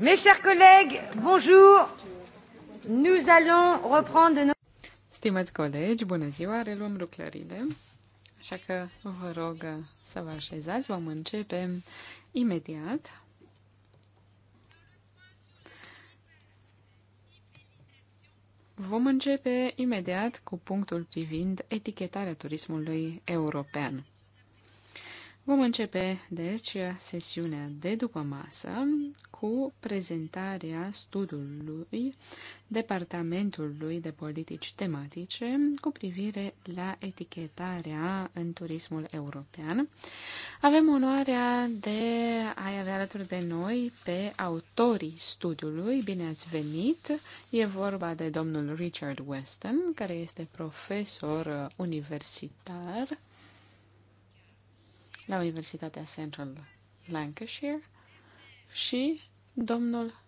Mes chers collègues, bonjour. Nous allons reprendre nos... Stimați colegi, bună ziua, reluăm lucrările. Așa că vă rog să vă așezați, vom începe imediat. Vom începe imediat cu punctul privind etichetarea turismului european. Vom începe, deci, sesiunea de după masă cu prezentarea studiului Departamentului de Politici Tematice cu privire la etichetarea în turismul european. Avem onoarea de a avea alături de noi pe autorii studiului. Bine ați venit! E vorba de domnul Richard Weston, care este profesor universitar la Universitatea Central Lancashire și domnul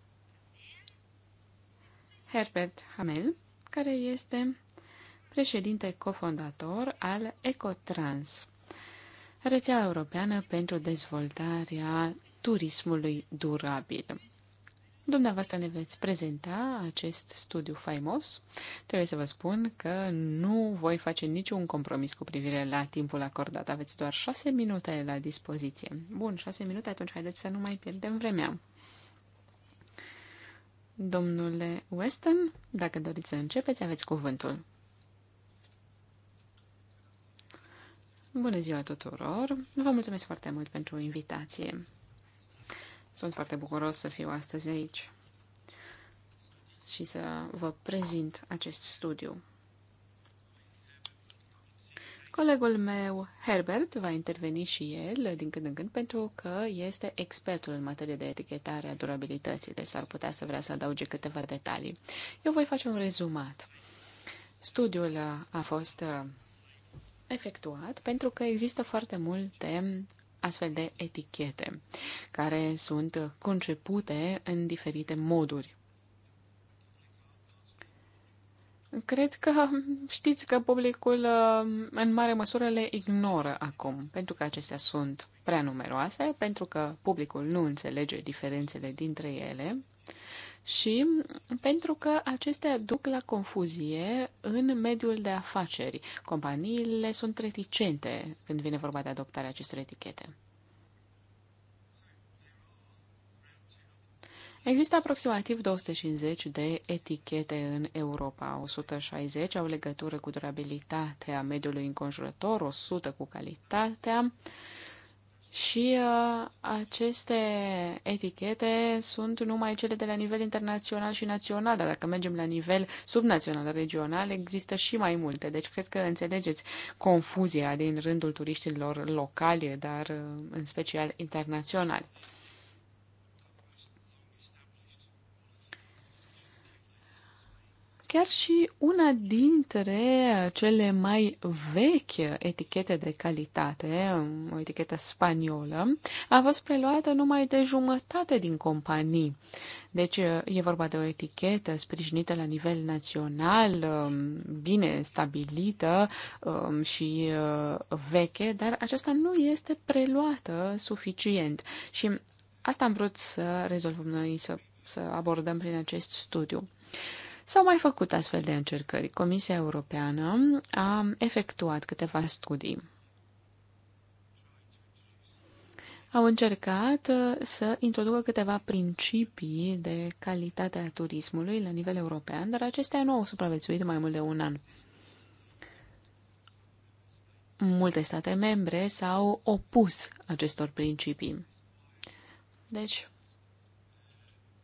Herbert Hamel, care este președinte cofondator al Ecotrans, rețeaua europeană pentru dezvoltarea turismului durabil. Dumneavoastră ne veți prezenta acest studiu faimos. Trebuie să vă spun că nu voi face niciun compromis cu privire la timpul acordat. Aveți doar șase minute la dispoziție. Bun, șase minute, atunci haideți să nu mai pierdem vremea. Domnule Weston, dacă doriți să începeți, aveți cuvântul. Bună ziua tuturor! Vă mulțumesc foarte mult pentru invitație. Sunt foarte bucuros să fiu astăzi aici și să vă prezint acest studiu. Colegul meu, Herbert, va interveni și el din când în când pentru că este expertul în materie de etichetare a durabilității, deci s-ar putea să vrea să adauge câteva detalii. Eu voi face un rezumat. Studiul a fost uh, efectuat pentru că există foarte multe astfel de etichete, care sunt concepute în diferite moduri. Cred că știți că publicul uh, în mare măsură le ignoră acum, pentru că acestea sunt prea numeroase, pentru că publicul nu înțelege diferențele dintre ele și pentru că acestea duc la confuzie în mediul de afaceri. Companiile sunt reticente când vine vorba de adoptarea acestor etichete. Există aproximativ 250 de etichete în Europa, 160 au legătură cu durabilitatea mediului înconjurător, 100 cu calitatea, și uh, aceste etichete sunt numai cele de la nivel internațional și național, dar dacă mergem la nivel subnațional, regional, există și mai multe. Deci cred că înțelegeți confuzia din rândul turiștilor locali, dar uh, în special internaționali. Chiar și una dintre cele mai vechi etichete de calitate, o etichetă spaniolă, a fost preluată numai de jumătate din companii. Deci e vorba de o etichetă sprijinită la nivel național, um, bine stabilită um, și uh, veche, dar aceasta nu este preluată suficient. Și asta am vrut să rezolvăm noi, să, să abordăm prin acest studiu. S-au mai făcut astfel de încercări. Comisia Europeană a efectuat câteva studii. Au încercat uh, să introducă câteva principii de calitate a turismului la nivel european, dar acestea nu au supraviețuit mai mult de un an multe state membre s-au opus acestor principii. Deci,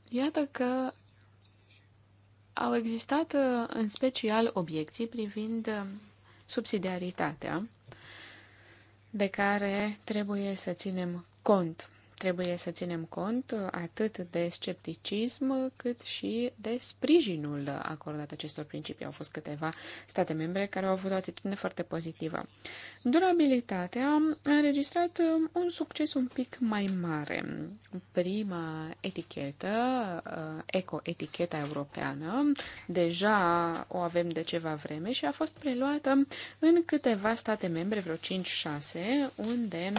iată că au existat uh, în special obiecții privind uh, subsidiaritatea de care trebuie să ținem cont Trebuie să ținem cont atât de scepticism cât și de sprijinul acordat acestor principii. Au fost câteva state membre care au avut o atitudine foarte pozitivă. Durabilitatea a înregistrat un succes un pic mai mare. Prima etichetă, uh, eco-eticheta europeană, deja o avem de ceva vreme și a fost preluată în câteva state membre, vreo 5-6, unde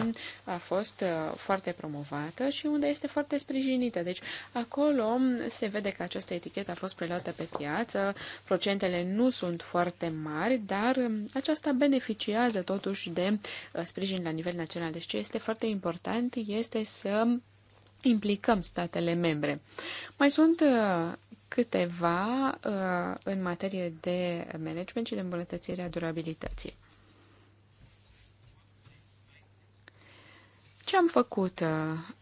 a fost uh, foarte promovată promovată și unde este foarte sprijinită. Deci acolo se vede că această etichetă a fost preluată pe piață, procentele nu sunt foarte mari, dar aceasta beneficiază totuși de uh, sprijin la nivel național. Deci ce este foarte important este să implicăm statele membre. Mai sunt uh, câteva uh, în materie de management și de îmbunătățirea durabilității. Ce am făcut uh,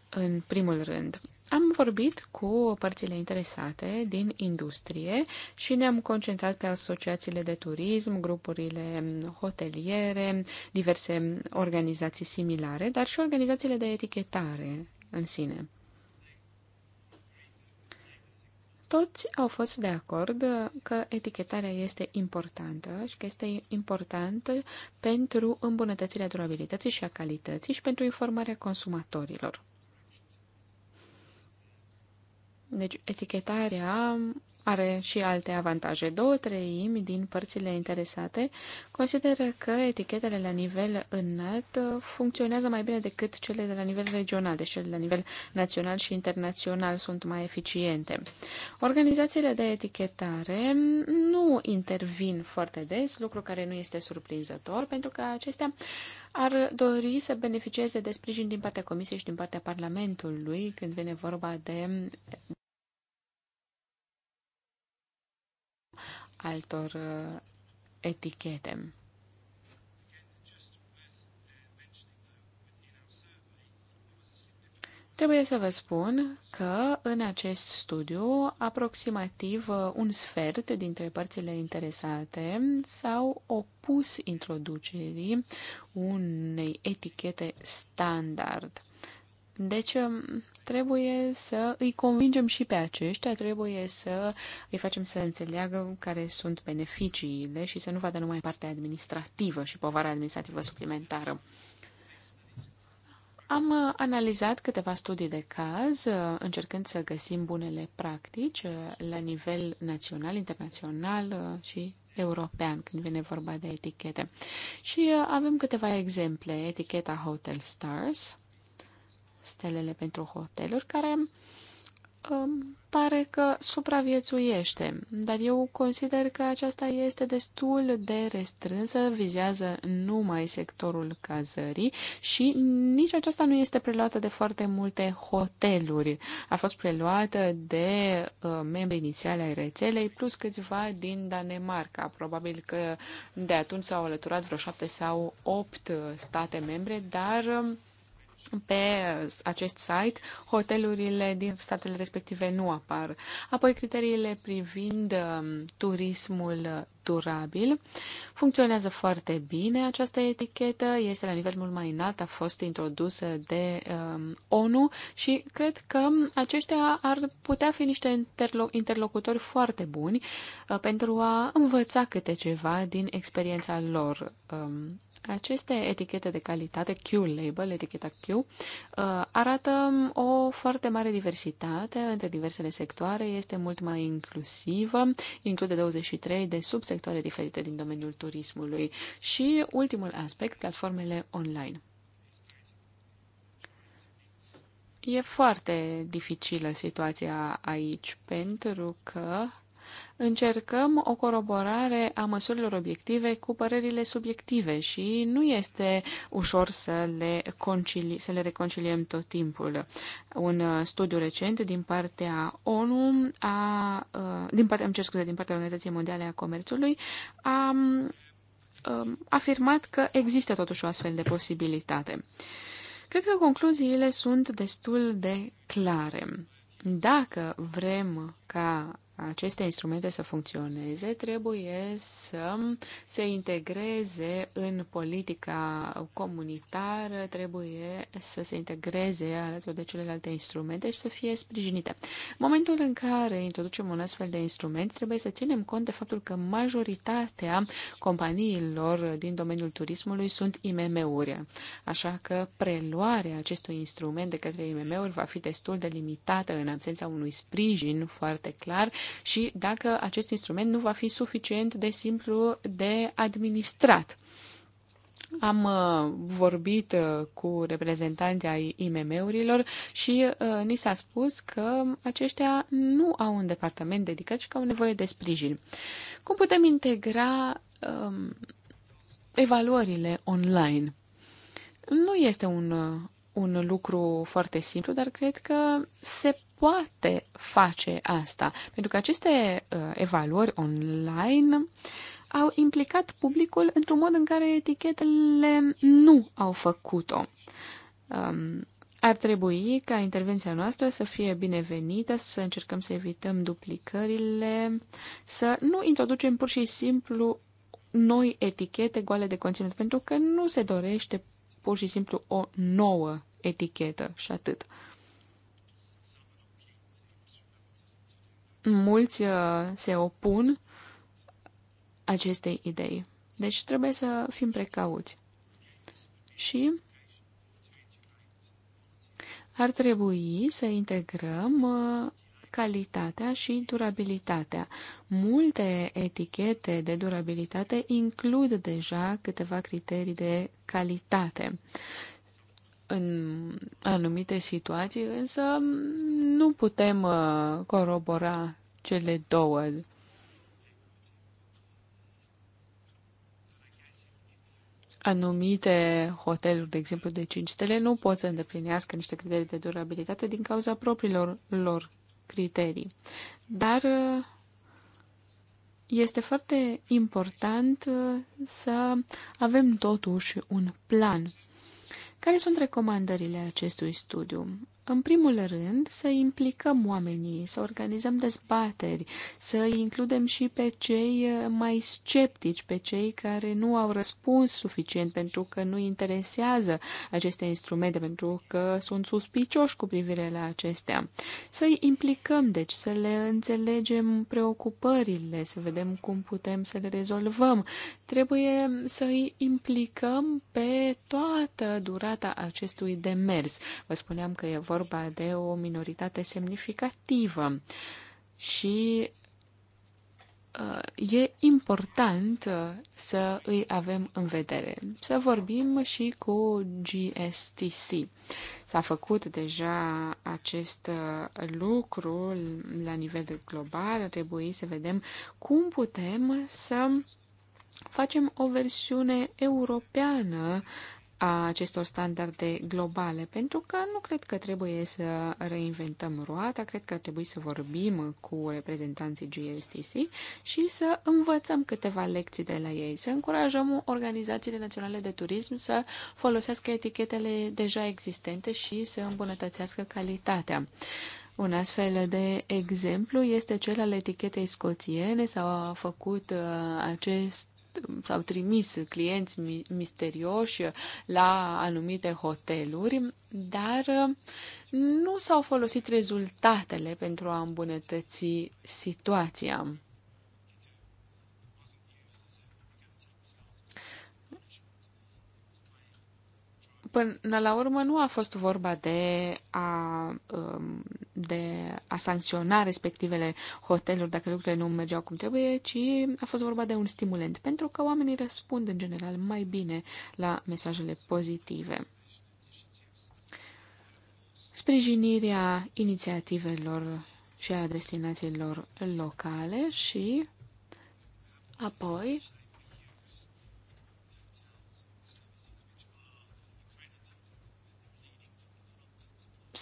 în primul rând? Am vorbit cu părțile interesate din industrie și ne-am concentrat pe asociațiile de turism, grupurile mm, hoteliere, diverse organizații similare, dar și organizațiile de etichetare în sine. Toți au fost de acord că etichetarea este importantă și că este importantă pentru îmbunătățirea durabilității și a calității și pentru informarea consumatorilor. Deci, etichetarea are și alte avantaje. Două treimi din părțile interesate consideră că etichetele la nivel înalt uh, funcționează mai bine decât cele de la nivel regional, deci cele de la nivel național și internațional sunt mai eficiente. Organizațiile de etichetare nu intervin foarte des, lucru care nu este surprinzător, pentru că acestea ar dori să beneficieze de sprijin din partea Comisiei și din partea Parlamentului când vine vorba de altor uh, etichete. Trebuie să vă spun că în acest studiu aproximativ uh, un sfert dintre părțile interesate s-au opus introducerii unei etichete standard. Deci um, trebuie să îi convingem și pe aceștia, trebuie să îi facem să înțeleagă care sunt beneficiile și să nu vadă numai partea administrativă și povara administrativă suplimentară. Am uh, analizat câteva studii de caz, uh, încercând să găsim bunele practici uh, la nivel național, internațional și european, când vine vorba de etichete. Și avem câteva exemple. Eticheta Hotel Stars, stelele pentru hoteluri, care um, pare că supraviețuiește, dar eu consider că aceasta este destul de restrânsă, vizează numai sectorul cazării și nici aceasta nu este preluată de foarte multe hoteluri. A fost preluată de uh, membri inițiali ai rețelei, plus câțiva din Danemarca. Probabil că de atunci s-au alăturat vreo șapte sau opt state membre, dar... Uh, pe acest site, hotelurile din statele respective nu apar. Apoi criteriile privind um, turismul durabil. Funcționează foarte bine această etichetă, este la nivel mult mai înalt, a fost introdusă de um, ONU și cred că aceștia ar putea fi niște interlo- interlocutori foarte buni uh, pentru a învăța câte ceva din experiența lor. Um, aceste etichete de calitate, Q-label, eticheta Q, uh, arată o foarte mare diversitate între diversele sectoare, este mult mai inclusivă, include 23 de subsectoare diferite din domeniul turismului și ultimul aspect, platformele online. E foarte dificilă situația aici pentru că încercăm o coroborare a măsurilor obiective cu părerile subiective și nu este ușor să le, concili, să le reconciliem tot timpul. Un uh, studiu recent din partea ONU, a, uh, din partea, îmi cer scuze, din partea Organizației Mondiale a Comerțului, a, a um, um, afirmat că există totuși o astfel de posibilitate. Cred că concluziile sunt destul de clare. Dacă vrem ca aceste instrumente să funcționeze, trebuie să se integreze în politica comunitară, trebuie să se integreze alături de celelalte instrumente și să fie sprijinite. În momentul în care introducem un astfel de instrument, trebuie să ținem cont de faptul că majoritatea companiilor din domeniul turismului sunt IMM-uri, așa că preluarea acestui instrument de către IMM-uri va fi destul de limitată în absența unui sprijin foarte clar și dacă acest instrument nu va fi suficient de simplu de administrat. Am uh, vorbit uh, cu reprezentanții ai IMM-urilor și uh, ni s-a spus că aceștia nu au un departament dedicat și că au nevoie de sprijin. Cum putem integra uh, evaluările online? Nu este un, un lucru foarte simplu, dar cred că se poate face asta, pentru că aceste uh, evaluări online au implicat publicul într-un mod în care etichetele nu au făcut-o. Um, ar trebui ca intervenția noastră să fie binevenită, să încercăm să evităm duplicările, să nu introducem pur și simplu noi etichete goale de conținut, pentru că nu se dorește pur și simplu o nouă etichetă și atât. mulți uh, se opun acestei idei. Deci trebuie să fim precauți. Și ar trebui să integrăm uh, calitatea și durabilitatea. Multe etichete de durabilitate includ deja câteva criterii de calitate în anumite situații, însă nu putem uh, corobora cele două. Anumite hoteluri, de exemplu, de 5 stele nu pot să îndeplinească niște criterii de durabilitate din cauza propriilor lor criterii. Dar uh, este foarte important uh, să avem totuși un plan care sunt recomandările acestui studiu? În primul rând, să implicăm oamenii, să organizăm dezbateri, să includem și pe cei uh, mai sceptici, pe cei care nu au răspuns suficient pentru că nu interesează aceste instrumente, pentru că sunt suspicioși cu privire la acestea. să îi implicăm, deci, să le înțelegem preocupările, să vedem cum putem să le rezolvăm. Trebuie să îi implicăm pe toată durata acestui demers. Vă spuneam că e vorba vorba de o minoritate semnificativă și uh, e important uh, să îi avem în vedere. Să vorbim și cu GSTC. S-a făcut deja acest uh, lucru la nivel global. Trebuie să vedem cum putem să facem o versiune europeană a acestor standarde globale, pentru că nu cred că trebuie să reinventăm roata, cred că ar trebui să vorbim cu reprezentanții GSTC și să învățăm câteva lecții de la ei, să încurajăm organizațiile naționale de turism să folosească etichetele deja existente și să îmbunătățească calitatea. Un astfel de exemplu este cel al etichetei scoțiene. S-a făcut uh, acest s-au trimis clienți misterioși la anumite hoteluri, dar uh, nu s-au folosit rezultatele pentru a îmbunătăți situația. Până la urmă nu a fost vorba de a, um, de a sancționa respectivele hoteluri dacă lucrurile nu mergeau cum trebuie, ci a fost vorba de un stimulent, pentru că oamenii răspund în general mai bine la mesajele pozitive. Sprijinirea inițiativelor și a destinațiilor locale și apoi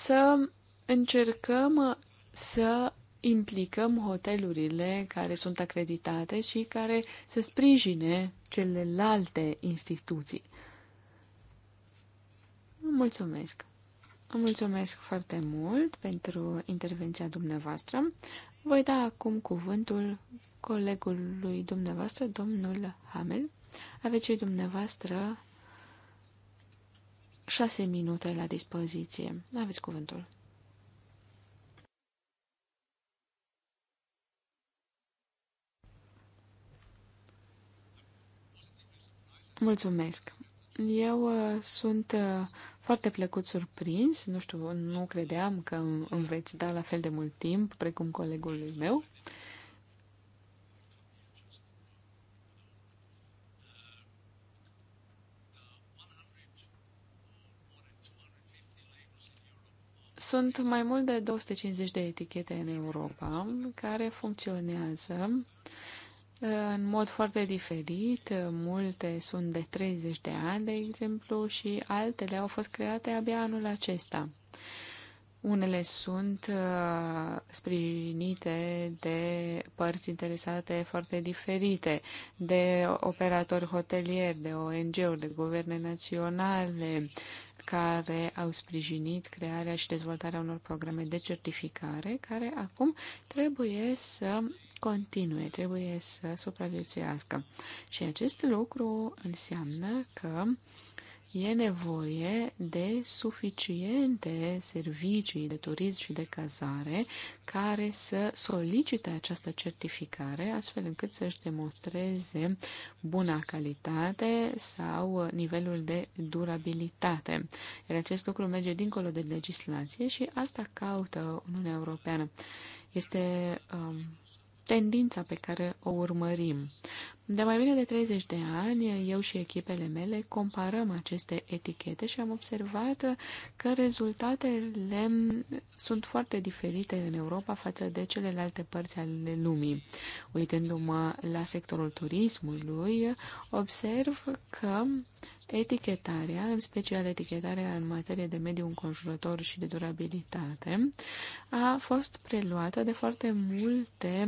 să încercăm uh, să implicăm hotelurile care sunt acreditate și care să sprijine celelalte instituții. Mulțumesc! Mulțumesc foarte mult pentru intervenția dumneavoastră. Voi da acum cuvântul colegului dumneavoastră, domnul Hamel. Aveți și dumneavoastră șase minute la dispoziție. Aveți cuvântul. Mulțumesc. Eu uh, sunt uh, foarte plăcut surprins, nu știu, nu credeam că îmi veți da la fel de mult timp precum colegului meu. Sunt mai mult de 250 de etichete în Europa care funcționează uh, în mod foarte diferit. Multe sunt de 30 de ani, de exemplu, și altele au fost create abia anul acesta. Unele sunt uh, sprijinite de părți interesate foarte diferite, de operatori hotelieri, de ONG-uri, de guverne naționale, care au sprijinit crearea și dezvoltarea unor programe de certificare, care acum trebuie să continue, trebuie să supraviețuiască. Și acest lucru înseamnă că uh, e nevoie de suficiente servicii de turism și de cazare care să solicite această certificare astfel încât să-și demonstreze buna calitate sau nivelul de durabilitate. Iar acest lucru merge dincolo de legislație și asta caută Uniunea Europeană. Este um, tendința pe care o urmărim. De mai bine de 30 de ani, eu și echipele mele comparăm aceste etichete și am observat că rezultatele sunt foarte diferite în Europa față de celelalte părți ale lumii. Uitându-mă la sectorul turismului, observ că etichetarea, în special etichetarea în materie de mediu înconjurător și de durabilitate, a fost preluată de foarte multe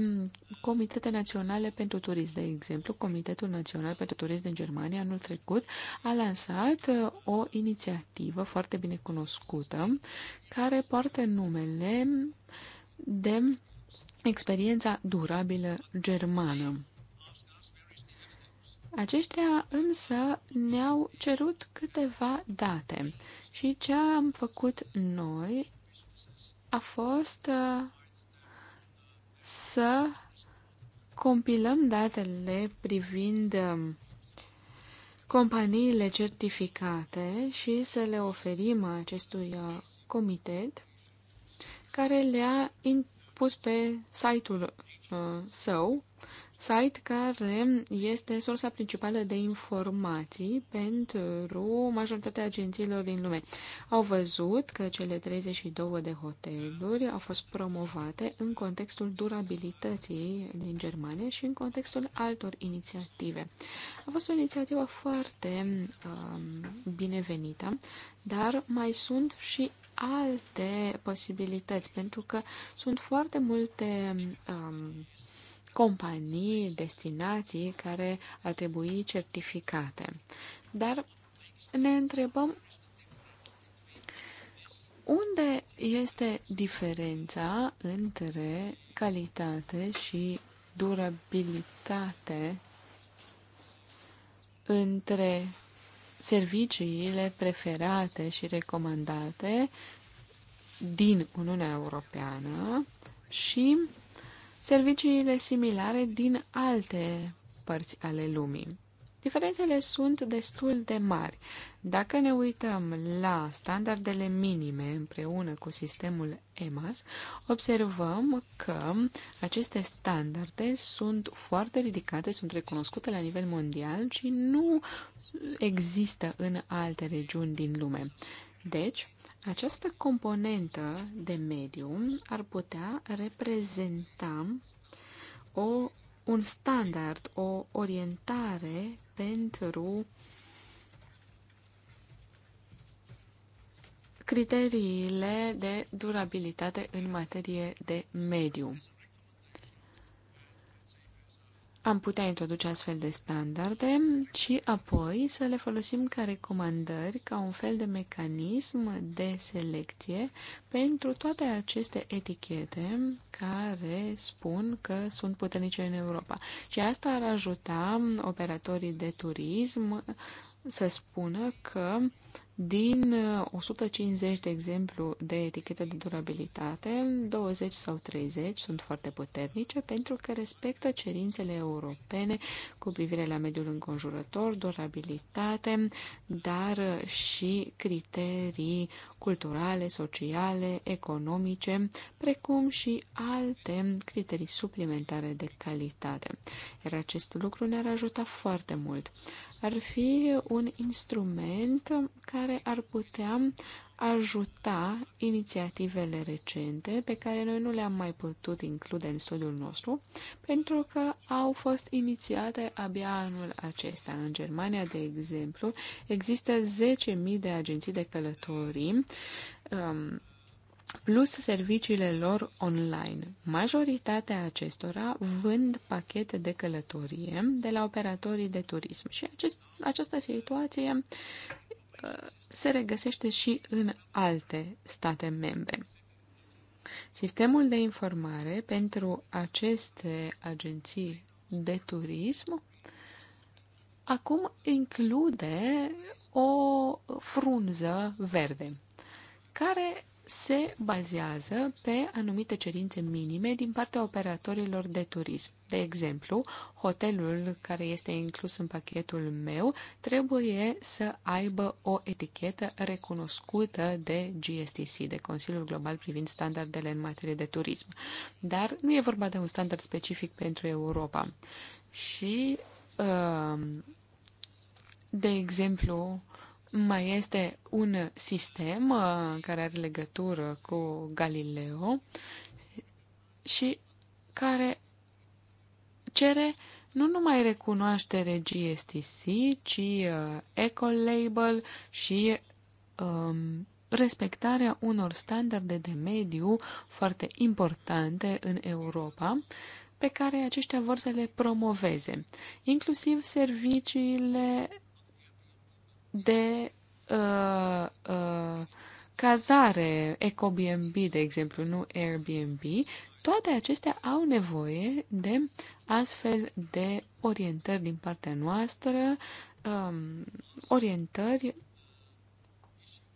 comitete naționale pentru turism, de exemplu, exemplu, Comitetul Național pentru Turism din Germania anul trecut a lansat uh, o inițiativă foarte bine cunoscută care poartă numele de experiența durabilă germană. Aceștia însă ne-au cerut câteva date și ce am făcut noi a fost uh, să compilăm datele privind um, companiile certificate și să le oferim acestui uh, comitet care le-a pus pe site-ul uh, său site care este sursa principală de informații pentru majoritatea agențiilor din lume. Au văzut că cele 32 de hoteluri au fost promovate în contextul durabilității din Germania și în contextul altor inițiative. A fost o inițiativă foarte um, binevenită, dar mai sunt și alte posibilități, pentru că sunt foarte multe um, companii, destinații care ar trebui certificate. Dar ne întrebăm unde este diferența între calitate și durabilitate între serviciile preferate și recomandate din Uniunea Europeană și serviciile similare din alte părți ale lumii. Diferențele sunt destul de mari. Dacă ne uităm la standardele minime împreună cu sistemul EMAS, observăm că aceste standarde sunt foarte ridicate, sunt recunoscute la nivel mondial și nu există în alte regiuni din lume. Deci, această componentă de mediu ar putea reprezenta o, un standard, o orientare pentru criteriile de durabilitate în materie de mediu am putea introduce astfel de standarde și apoi să le folosim ca recomandări, ca un fel de mecanism de selecție pentru toate aceste etichete care spun că sunt puternice în Europa. Și asta ar ajuta operatorii de turism să spună că din 150, uh, de exemplu, de etichete de durabilitate, 20 sau 30 sunt foarte puternice pentru că respectă cerințele europene cu privire la mediul înconjurător, durabilitate, dar și criterii culturale, sociale, economice, precum și alte criterii suplimentare de calitate. Iar acest lucru ne-ar ajuta foarte mult ar fi un instrument care ar putea ajuta inițiativele recente pe care noi nu le-am mai putut include în studiul nostru, pentru că au fost inițiate abia anul acesta. În Germania, de exemplu, există 10.000 de agenții de călătorii um, plus serviciile lor online. Majoritatea acestora vând pachete de călătorie de la operatorii de turism și acest, această situație uh, se regăsește și în alte state membre. Sistemul de informare pentru aceste agenții de turism acum include o frunză verde, care se bazează pe anumite cerințe minime din partea operatorilor de turism. De exemplu, hotelul care este inclus în pachetul meu trebuie să aibă o etichetă recunoscută de GSTC, de Consiliul Global privind standardele în materie de turism. Dar nu e vorba de un standard specific pentru Europa. Și, uh, de exemplu, mai este un sistem uh, care are legătură cu Galileo și care cere nu numai recunoaștere GSTC, ci uh, eco-label și um, respectarea unor standarde de mediu foarte importante în Europa, pe care aceștia vor să le promoveze, inclusiv serviciile de uh, uh, cazare, EcoBnB, de exemplu, nu Airbnb, toate acestea au nevoie de astfel de orientări din partea noastră, um, orientări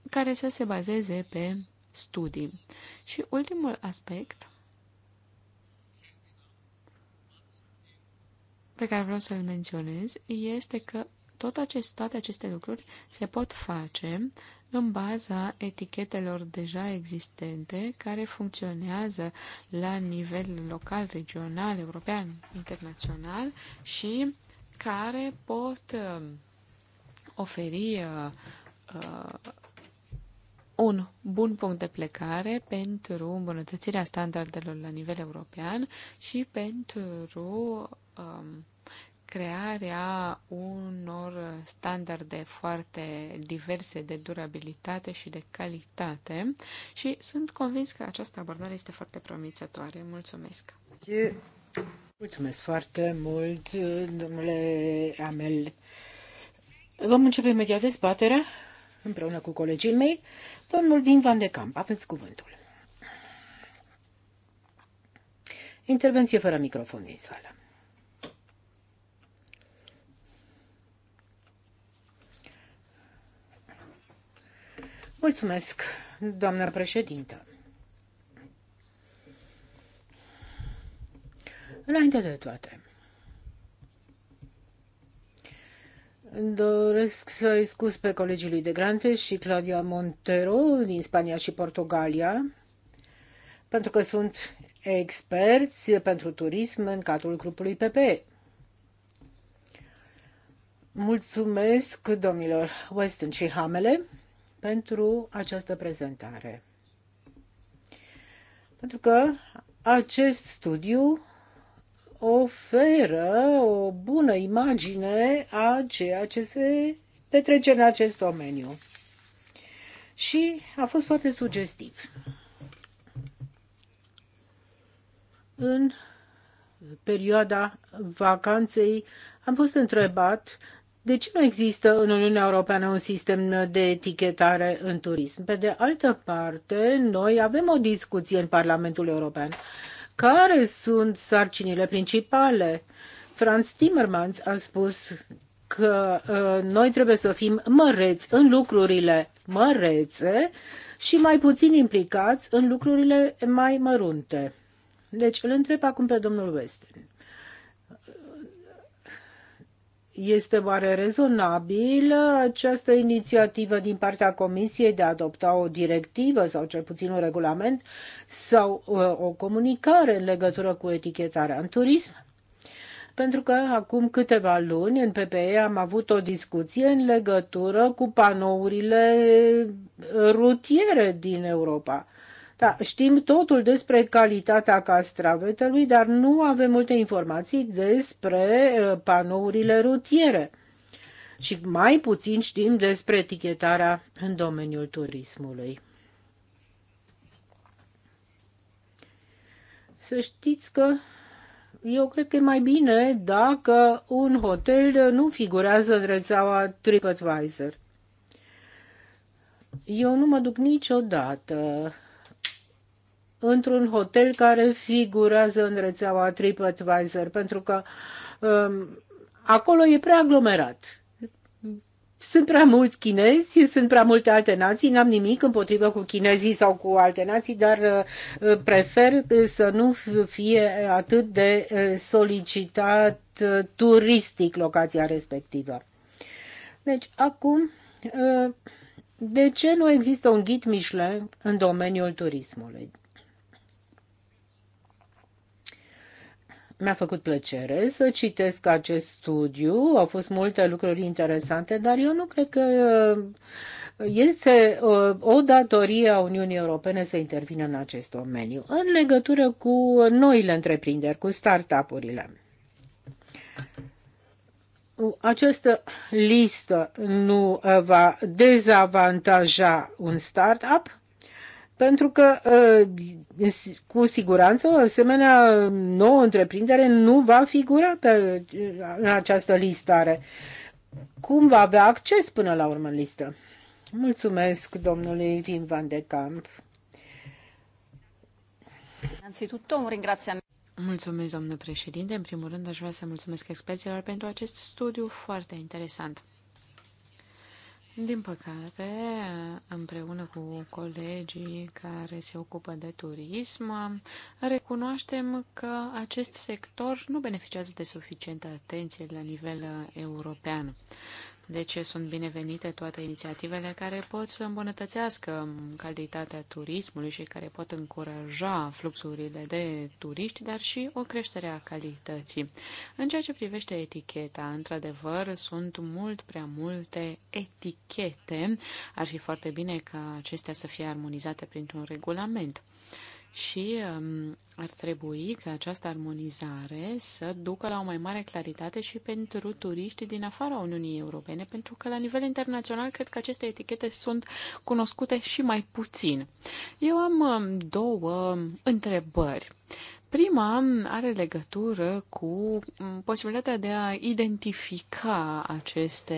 care să se bazeze pe studii. Și ultimul aspect pe care vreau să-l menționez este că tot acest, toate aceste lucruri se pot face în baza etichetelor deja existente care funcționează la nivel local, regional, european, internațional și care pot um, oferi uh, uh, un bun punct de plecare pentru îmbunătățirea standardelor la nivel european și pentru um, crearea unor standarde foarte diverse de durabilitate și de calitate și sunt convins că această abordare este foarte promițătoare. Mulțumesc! Mulțumesc foarte mult, domnule Amel. Vom începe imediat dezbaterea împreună cu colegii mei. Domnul Vin Van de Camp, aveți cuvântul. Intervenție fără microfon din sală. Mulțumesc, doamnă președintă. Înainte de toate, doresc să-i scuz pe colegii lui de Grante și Claudia Montero din Spania și Portugalia, pentru că sunt experți pentru turism în cadrul grupului PP. Mulțumesc domnilor Weston și Hamele pentru această prezentare. Pentru că acest studiu oferă o bună imagine a ceea ce se petrece în acest domeniu. Și a fost foarte sugestiv. În perioada vacanței am fost întrebat de ce nu există în Uniunea Europeană un sistem de etichetare în turism? Pe de altă parte, noi avem o discuție în Parlamentul European. Care sunt sarcinile principale? Franz Timmermans a spus că uh, noi trebuie să fim măreți în lucrurile mărețe și mai puțin implicați în lucrurile mai mărunte. Deci îl întreb acum pe domnul Westen. Este oare rezonabilă această inițiativă din partea Comisiei de a adopta o directivă sau cel puțin un regulament sau uh, o comunicare în legătură cu etichetarea în turism? Pentru că acum câteva luni în PPE am avut o discuție în legătură cu panourile rutiere din Europa. Da, știm totul despre calitatea castravetelui, dar nu avem multe informații despre uh, panourile rutiere și mai puțin știm despre etichetarea în domeniul turismului. Să știți că eu cred că e mai bine dacă un hotel nu figurează în rețeaua TripAdvisor. Eu nu mă duc niciodată într-un hotel care figurează în rețeaua TripAdvisor, pentru că um, acolo e prea aglomerat. Sunt prea mulți chinezi, sunt prea multe alte nații, n-am nimic împotrivă cu chinezii sau cu alte nații, dar uh, uh, prefer uh, să nu fie atât de solicitat turistic locația respectivă. Deci, acum, de ce nu există un ghid Michelin în domeniul turismului? Mi-a făcut plăcere să citesc acest studiu, au fost multe lucruri interesante, dar eu nu cred că uh, este uh, o datorie a Uniunii Europene să intervină în acest domeniu, în legătură cu noile întreprinderi, cu startup-urile. Această listă nu uh, va dezavantaja un startup, pentru că uh, cu siguranță o asemenea nouă întreprindere nu va figura pe, în această listare. Cum va avea acces până la urmă în listă? Mulțumesc domnului Vin Van de Camp. Mulțumesc, domnule președinte. În primul rând, aș vrea să mulțumesc experților pentru acest studiu foarte interesant. Din păcate, împreună cu colegii care se ocupă de turism, recunoaștem că acest sector nu beneficiază de suficientă atenție la nivel european. Deci sunt binevenite toate inițiativele care pot să îmbunătățească calitatea turismului și care pot încuraja fluxurile de turiști, dar și o creștere a calității. În ceea ce privește eticheta, într-adevăr, sunt mult prea multe etichete. Ar fi foarte bine ca acestea să fie armonizate printr-un regulament și um, ar trebui ca această armonizare să ducă la o mai mare claritate și pentru turiștii din afara Uniunii Europene, pentru că la nivel internațional cred că aceste etichete sunt cunoscute și mai puțin. Eu am um, două um, întrebări. Prima are legătură cu mm, posibilitatea de a identifica aceste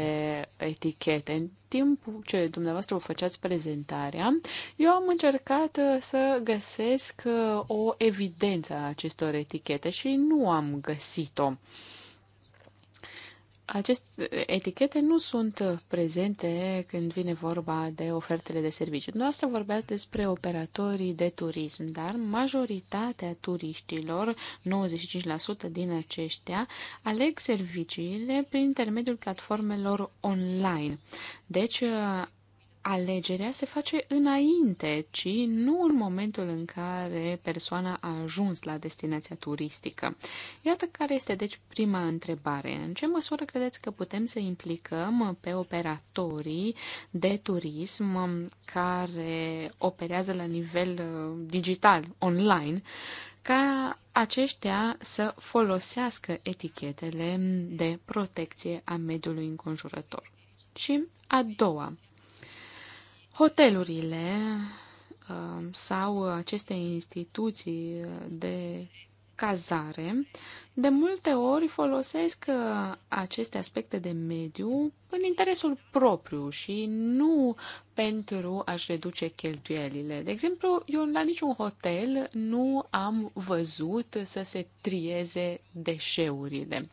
etichete. În timp ce dumneavoastră vă făceați prezentarea, eu am încercat uh, să găsesc uh, o evidență a acestor etichete și nu am găsit-o aceste etichete nu sunt prezente când vine vorba de ofertele de serviciu. Noastră vorbeați despre operatorii de turism, dar majoritatea turiștilor, 95% din aceștia, aleg serviciile prin intermediul platformelor online. Deci alegerea se face înainte, ci nu în momentul în care persoana a ajuns la destinația turistică. Iată care este deci prima întrebare. În ce măsură credeți că putem să implicăm pe operatorii de turism care operează la nivel uh, digital, online, ca aceștia să folosească etichetele de protecție a mediului înconjurător? Și a doua hotelurile uh, sau aceste instituții de cazare, de multe ori folosesc uh, aceste aspecte de mediu în interesul propriu și nu pentru a-și reduce cheltuielile. De exemplu, eu la niciun hotel nu am văzut să se trieze deșeurile.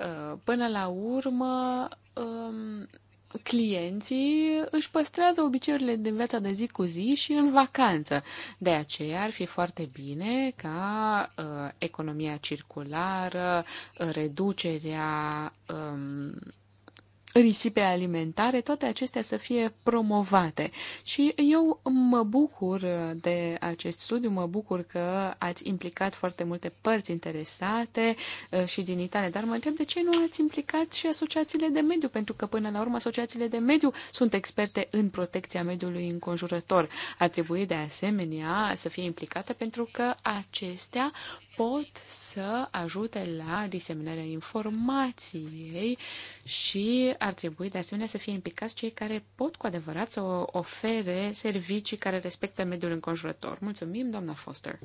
Uh, până la urmă, um, clienții își păstrează obiceiurile din viața de zi cu zi și în vacanță. De aceea ar fi foarte bine ca uh, economia circulară, uh, reducerea um, risipe alimentare, toate acestea să fie promovate. Și eu mă bucur de acest studiu, mă bucur că ați implicat foarte multe părți interesate uh, și din Italia, dar mă întreb de ce nu ați implicat și asociațiile de mediu, pentru că până la urmă asociațiile de mediu sunt experte în protecția mediului înconjurător. Ar trebui de asemenea să fie implicate pentru că acestea pot să ajute la diseminarea informației și ar trebui de asemenea să fie implicați cei care pot cu adevărat să ofere servicii care respectă mediul înconjurător. Mulțumim, doamna Foster.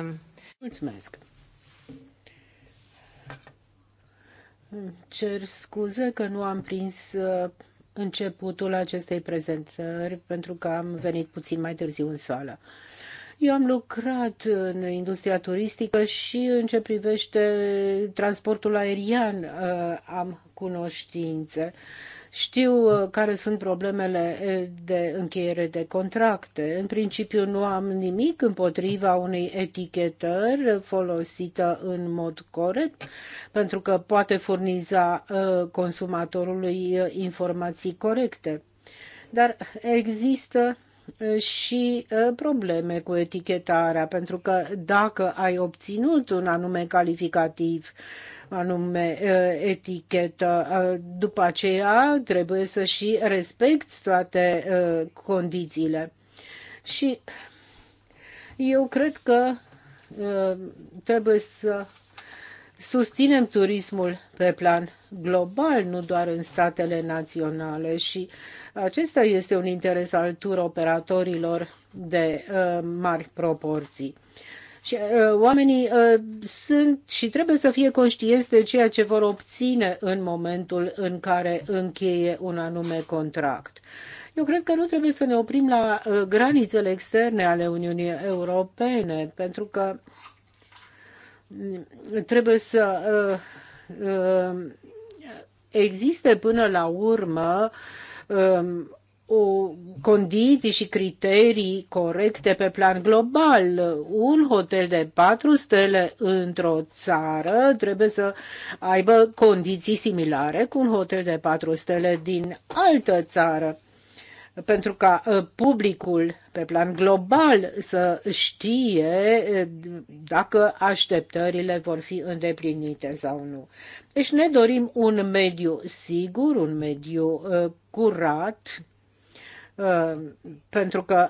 Um, mulțumesc. cer scuze că nu am prins uh, începutul acestei prezentări pentru că am venit puțin mai târziu în sală. Uh, eu am lucrat în industria turistică și în ce privește transportul aerian uh, am cunoștințe. Știu uh, care sunt problemele uh, de încheiere de contracte. În principiu nu am nimic împotriva unei etichetări folosită în mod corect, pentru că poate furniza consumatorului informații corecte. Dar există și uh, probleme cu etichetarea, pentru că dacă ai obținut un anume calificativ, anume uh, etichetă, uh, după aceea trebuie să și respecti toate condițiile. Și eu cred că trebuie să susținem turismul pe plan global, nu doar în statele naționale și acesta este un interes al turoperatorilor de uh, mari proporții. Și uh, oamenii uh, sunt și trebuie să fie conștienți de ceea ce vor obține în momentul în care încheie un anume contract. Eu cred că nu trebuie să ne oprim la uh, granițele externe ale Uniunii Europene, pentru că trebuie să uh, uh, existe până la urmă um, o, condiții și criterii corecte pe plan global. Un hotel de patru stele într-o țară trebuie să aibă condiții similare cu un hotel de patru stele din altă țară pentru ca ă, publicul pe plan global să știe ă, dacă așteptările vor fi îndeplinite sau nu. Deci ne dorim un mediu sigur, un mediu ă, curat, pentru că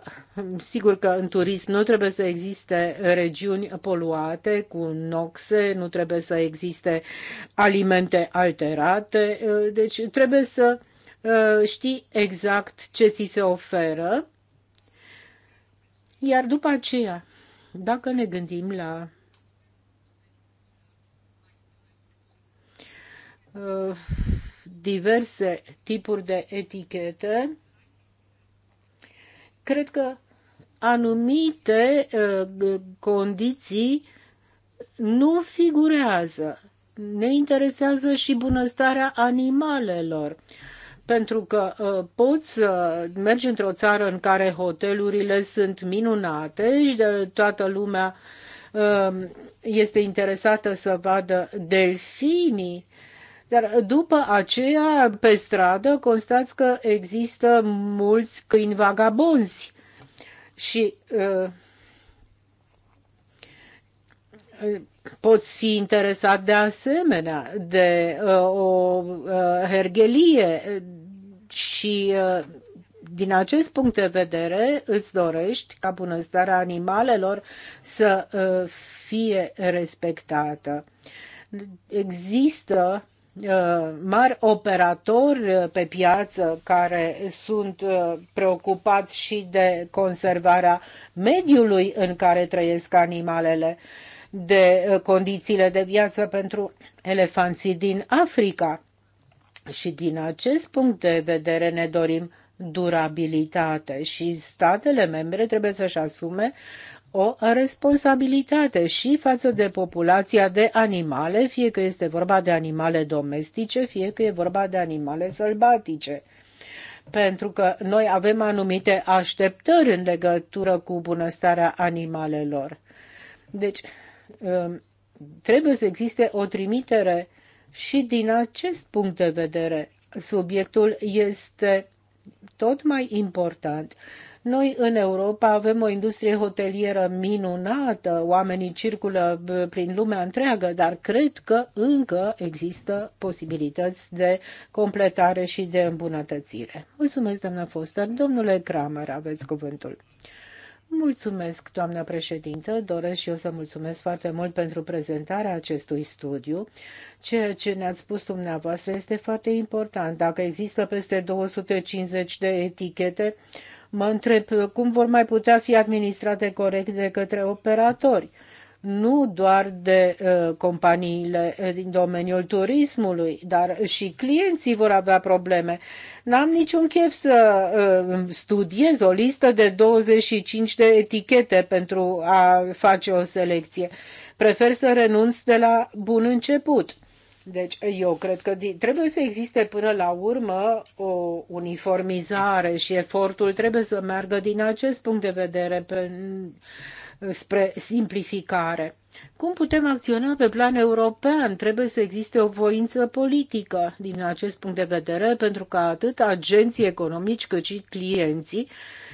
sigur că în turism nu trebuie să existe regiuni poluate cu noxe, nu trebuie să existe alimente alterate, deci trebuie să Uh, știi exact ce ți se oferă. Iar după aceea, dacă ne gândim la uh, diverse tipuri de etichete, cred că anumite uh, condiții nu figurează. Ne interesează și bunăstarea animalelor pentru că uh, poți să uh, mergi într-o țară în care hotelurile sunt minunate și de toată lumea uh, este interesată să vadă delfinii, dar după aceea, pe stradă, constați că există mulți câini vagabonzi și uh, poți fi interesat de asemenea de uh, o uh, herghelie și uh, din acest punct de vedere îți dorești ca bunăstarea animalelor să fie respectată. Există mari operatori pe piață care sunt preocupați și de conservarea mediului în care trăiesc animalele de uh, condițiile de viață pentru elefanții din Africa. Și din acest punct de vedere ne dorim durabilitate și statele membre trebuie să-și asume o responsabilitate și față de populația de animale, fie că este vorba de animale domestice, fie că e vorba de animale sălbatice. Pentru că noi avem anumite așteptări în legătură cu bunăstarea animalelor. Deci, Um, trebuie să existe o trimitere și din acest punct de vedere. Subiectul este tot mai important. Noi în Europa avem o industrie hotelieră minunată, oamenii circulă uh, prin lumea întreagă, dar cred că încă există posibilități de completare și de îmbunătățire. Mulțumesc, doamna Foster. Domnule Kramer, aveți cuvântul. Mulțumesc, doamna președintă. Doresc și eu să mulțumesc foarte mult pentru prezentarea acestui studiu. Ceea ce ne-ați spus dumneavoastră este foarte important. Dacă există peste 250 de etichete, mă întreb cum vor mai putea fi administrate corect de către operatori nu doar de uh, companiile uh, din domeniul turismului, dar și clienții vor avea probleme. N-am niciun chef să uh, studiez o listă de 25 de etichete pentru a face o selecție. Prefer să renunț de la bun început. Deci eu cred că trebuie să existe până la urmă o uniformizare și efortul trebuie să meargă din acest punct de vedere pe, spre simplificare. Cum putem acționa pe plan european? Trebuie să existe o voință politică din acest punct de vedere, pentru că atât agenții economici cât și clienții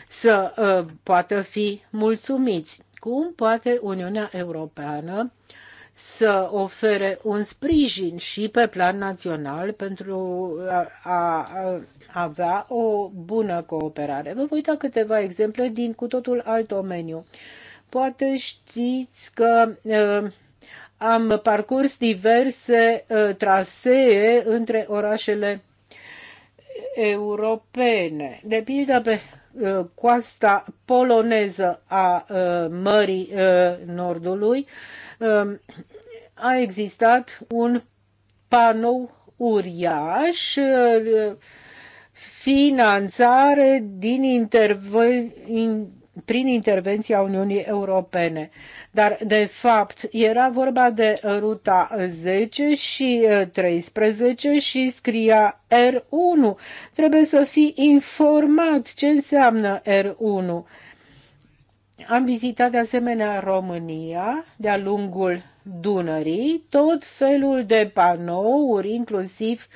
să uh, poată fi mulțumiți. Cum poate Uniunea Europeană să ofere un sprijin și pe plan național pentru a, a avea o bună cooperare. Vă voi da câteva exemple din cu totul alt domeniu. Uh, Poate știți că am parcurs diverse trasee între orașele europene. De pildă pe coasta poloneză a Mării Nordului a existat un panou uriaș finanțare din intervenții prin intervenția Uniunii Europene. Dar, de fapt, era vorba de ruta 10 și 13 eh, și scria R1. Trebuie să fii informat ce înseamnă R1. Am vizitat de asemenea România de-a lungul Dunării, tot felul de panouri, inclusiv uh,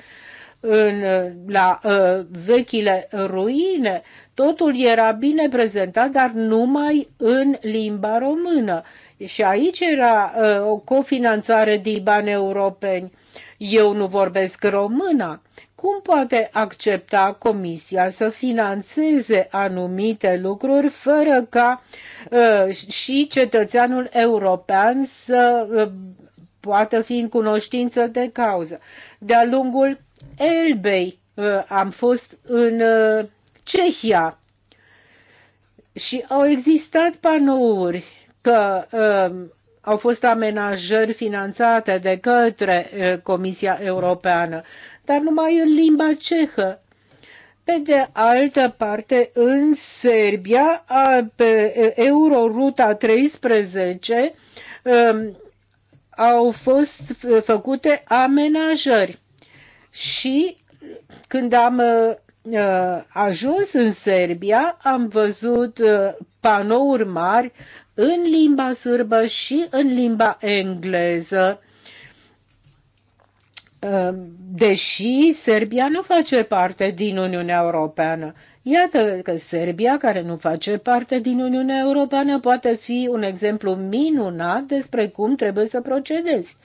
în, la uh, vechile ruine, totul era bine prezentat, dar numai în limba română. Și aici era uh, o cofinanțare din bani europeni. Eu nu vorbesc româna. Cum poate accepta Comisia să financeze anumite lucruri fără ca uh, și cetățeanul european să uh, poată fi în cunoștință de cauză? De-a lungul Elbei uh, am fost în uh, Cehia și au existat panouri că uh, au fost amenajări finanțate de către Comisia Europeană, dar numai în limba cehă. Pe de altă parte, în Serbia, pe Euroruta 13, um, au fost făcute amenajări. Și când am uh, uh, ajuns în Serbia, am văzut uh, panouri mari în limba sârbă și în limba engleză. Deși Serbia nu face parte din Uniunea Europeană, Iată că Serbia, care nu face parte din Uniunea Europeană, poate fi un exemplu minunat despre cum trebuie să procedezi.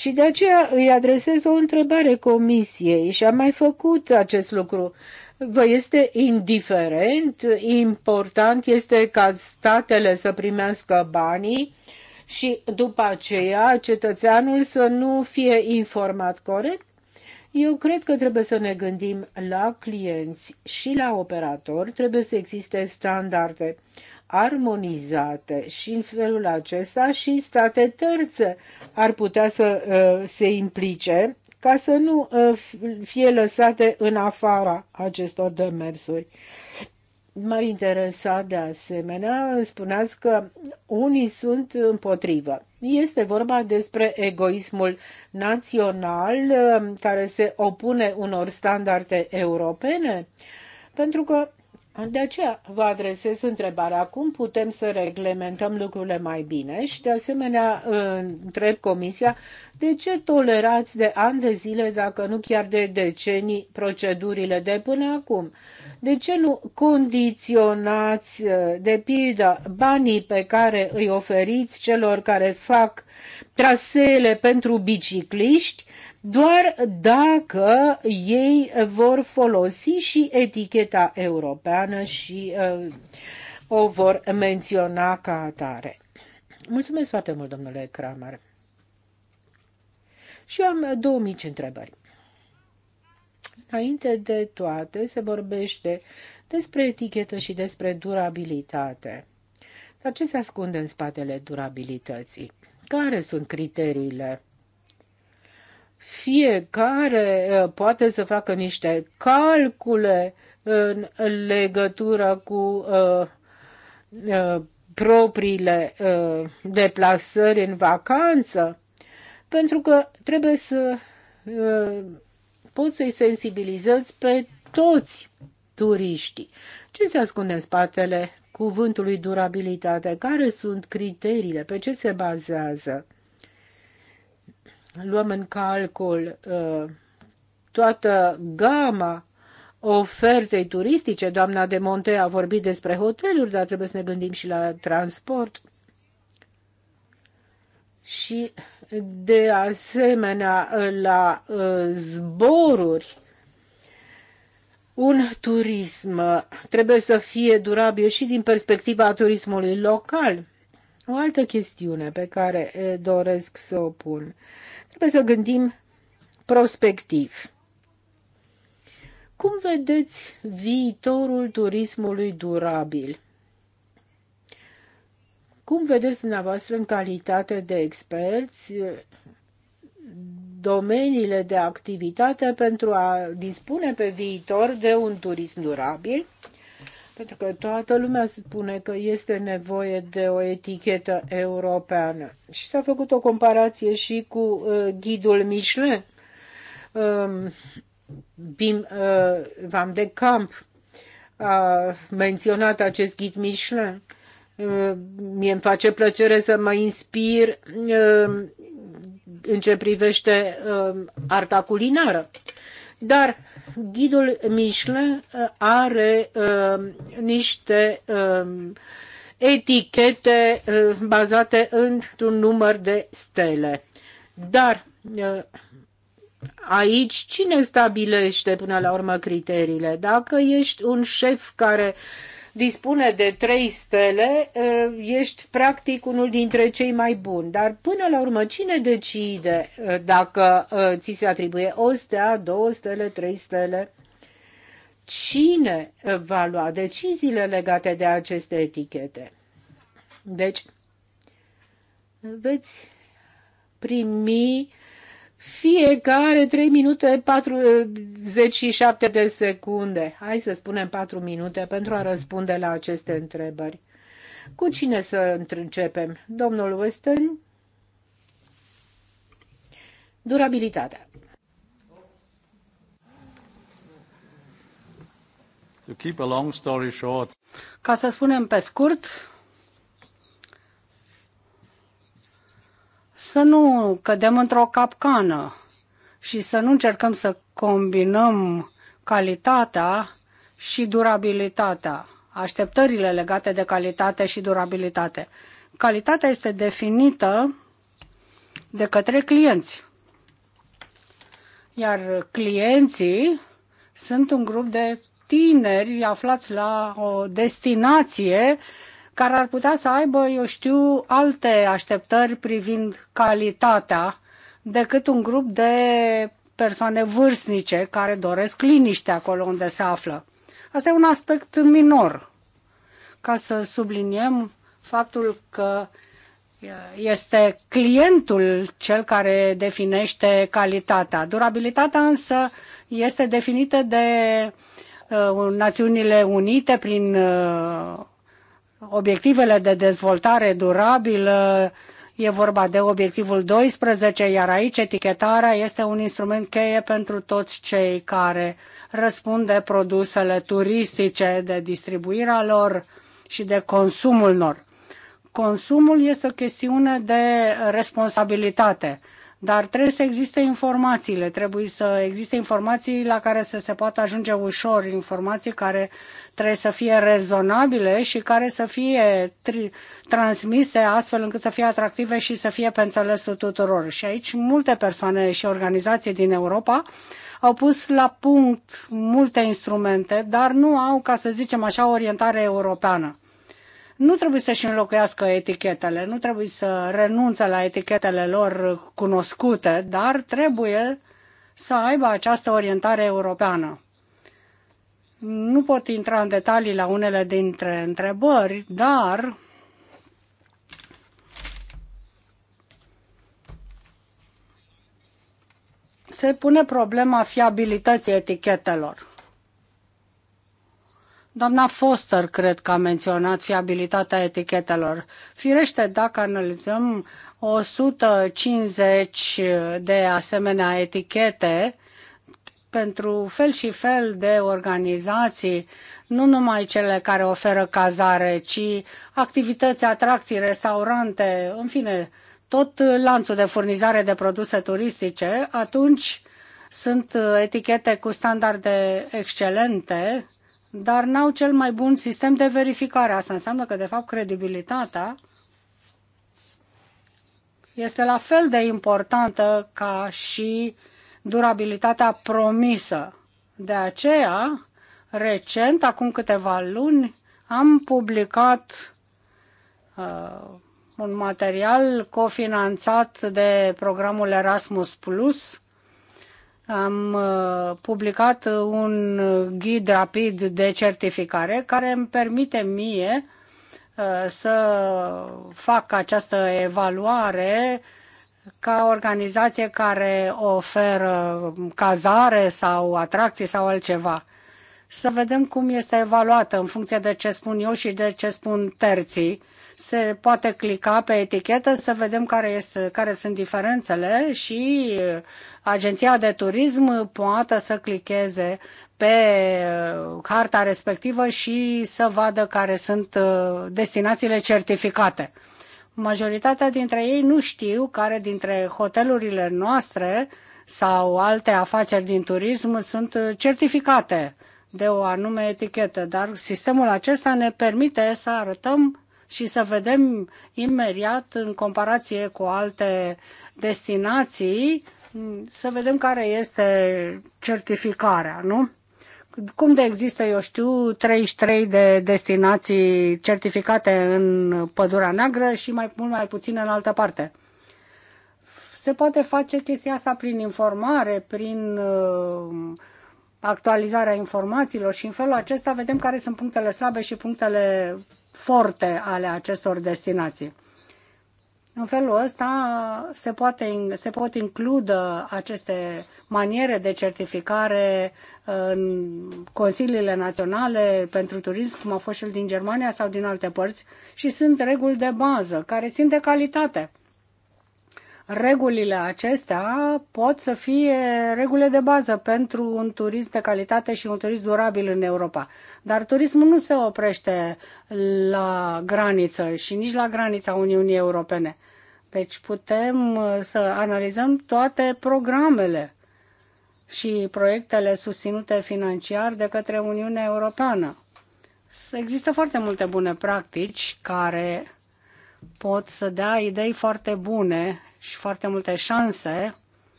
Și de aceea îi adresez o întrebare comisiei și am mai făcut acest lucru. Vă este indiferent, important este ca statele să primească banii și după aceea cetățeanul să nu fie informat corect? Eu cred că trebuie să ne gândim la clienți și la operatori, trebuie să existe standarde armonizate și în felul acesta și state terțe ar putea să uh, se implice ca să nu uh, fie lăsate în afara acestor demersuri. M-ar interesa de asemenea, spuneați că unii sunt împotrivă. Este vorba despre egoismul național uh, care se opune unor standarde europene, pentru că de aceea vă adresez întrebarea cum putem să reglementăm lucrurile mai bine și de asemenea uh, întreb Comisia de ce tolerați de ani de zile, dacă nu chiar de decenii, procedurile de până acum? De ce nu condiționați, uh, de pildă, banii pe care îi oferiți celor care fac traseele pentru bicicliști doar dacă ei vor folosi și eticheta europeană și uh, o vor menționa ca atare. Mulțumesc foarte mult, domnule Kramer. Și eu am două mici întrebări. Înainte de toate, se vorbește despre etichetă și despre durabilitate. Dar ce se ascunde în spatele durabilității? Care sunt criteriile fiecare uh, poate să facă niște calcule în legătură cu uh, uh, propriile deplasări în vacanță, pentru că trebuie să poți să-i sensibilizezi pe toți turiștii. Ce se ascunde în spatele cuvântului durabilitate? Care sunt criteriile? Pe ce se bazează? luăm în calcul uh, toată gama ofertei turistice. Doamna de Monte a vorbit despre hoteluri, dar trebuie să ne gândim și la transport. Și de asemenea la uh, zboruri. Un turism trebuie să fie durabil și din perspectiva turismului local o altă chestiune pe care doresc să o pun. Trebuie să gândim prospectiv. Cum vedeți viitorul turismului durabil? Cum vedeți dumneavoastră în calitate de experți domeniile de activitate pentru a dispune pe viitor de un turism durabil? Pentru că toată lumea spune că este nevoie de o etichetă europeană. Și s-a făcut o comparație și cu uh, ghidul Michelin, uh, uh, Van de Camp a menționat acest ghid Michelin. Uh, mie îmi face plăcere să mă inspir uh, în ce privește uh, arta culinară. Dar Ghidul Michelin uh, are uh, niște uh, etichete uh, bazate într-un număr de stele. Dar uh, aici cine stabilește până la urmă criteriile? Dacă ești un șef care uh, dispune de trei stele, ă, ești practic unul dintre cei mai buni. Dar până la urmă, cine decide ă, dacă ă, ți se atribuie o stea, două stele, trei stele? Cine va lua deciziile legate de aceste etichete? Deci, veți primi fiecare 3 minute 47 de secunde. Hai să spunem 4 minute pentru a răspunde la aceste întrebări. Cu cine să începem? Domnul Weston? Durabilitatea. To keep a long story short. Ca să spunem pe scurt, să nu cădem într-o capcană și să nu încercăm să combinăm calitatea și durabilitatea, așteptările legate de calitate și durabilitate. Calitatea este definită de către clienți, iar clienții sunt un grup de tineri aflați la o destinație care ar putea să aibă, eu știu, alte așteptări privind calitatea decât un grup de persoane vârstnice care doresc liniște acolo unde se află. Asta e un aspect minor, ca să subliniem faptul că este clientul cel care definește calitatea. Durabilitatea însă este definită de uh, Națiunile Unite prin uh, obiectivele de dezvoltare durabilă, e vorba de obiectivul 12, iar aici etichetarea este un instrument cheie pentru toți cei care răspunde produsele turistice, de distribuirea lor și de consumul lor. Consumul este o chestiune de responsabilitate. Dar trebuie să existe informațiile, trebuie să existe informații la care să se poată ajunge ușor, informații care trebuie să fie rezonabile și care să fie transmise astfel încât să fie atractive și să fie pe înțelesul tuturor. Și aici multe persoane și organizații din Europa au pus la punct multe instrumente, dar nu au, ca să zicem așa, orientare europeană nu trebuie să-și înlocuiască etichetele, nu trebuie să renunțe la etichetele lor cunoscute, dar trebuie să aibă această orientare europeană. Nu pot intra în detalii la unele dintre întrebări, dar se pune problema fiabilității etichetelor. Doamna Foster, cred că a menționat fiabilitatea etichetelor. Firește, dacă analizăm 150 de asemenea etichete pentru fel și fel de organizații, nu numai cele care oferă cazare, ci activități, atracții, restaurante, în fine, tot lanțul de furnizare de produse turistice, atunci sunt etichete cu standarde excelente, dar n-au cel mai bun sistem de verificare. Asta înseamnă că, de fapt, credibilitatea este la fel de importantă ca și durabilitatea promisă. De aceea, recent, acum câteva luni, am publicat uh, un material cofinanțat de programul Erasmus Plus am uh, publicat un ghid rapid de certificare care îmi permite mie uh, să fac această evaluare ca organizație care oferă cazare sau atracții sau altceva. Să vedem cum este evaluată în funcție de ce spun eu și de ce spun terții se poate clica pe etichetă să vedem care, este, care sunt diferențele și agenția de turism poate să clicheze pe uh, harta respectivă și să vadă care sunt uh, destinațiile certificate. Majoritatea dintre ei nu știu care dintre hotelurile noastre sau alte afaceri din turism sunt certificate de o anume etichetă, dar sistemul acesta ne permite să arătăm și să vedem imediat în comparație cu alte destinații, să vedem care este certificarea, nu? Cum de există, eu știu, 33 de destinații certificate în Pădurea Neagră și mai mult mai puțin în altă parte. Se poate face chestia asta prin informare, prin uh, actualizarea informațiilor și în felul acesta vedem care sunt punctele slabe și punctele forte ale acestor destinații. În felul ăsta se, poate, se pot include aceste maniere de certificare uh, în consiliile naționale pentru turism, cum a fost și din Germania sau din alte părți, și sunt reguli de bază care țin de calitate regulile acestea pot să fie regulile de bază pentru un turism de calitate și un turism durabil în Europa. Dar turismul nu se oprește la graniță și nici la granița Uniunii Europene. Deci putem uh, să analizăm toate programele și proiectele susținute financiar de către Uniunea Europeană. Există foarte multe bune practici care pot să dea idei foarte bune și foarte multe șanse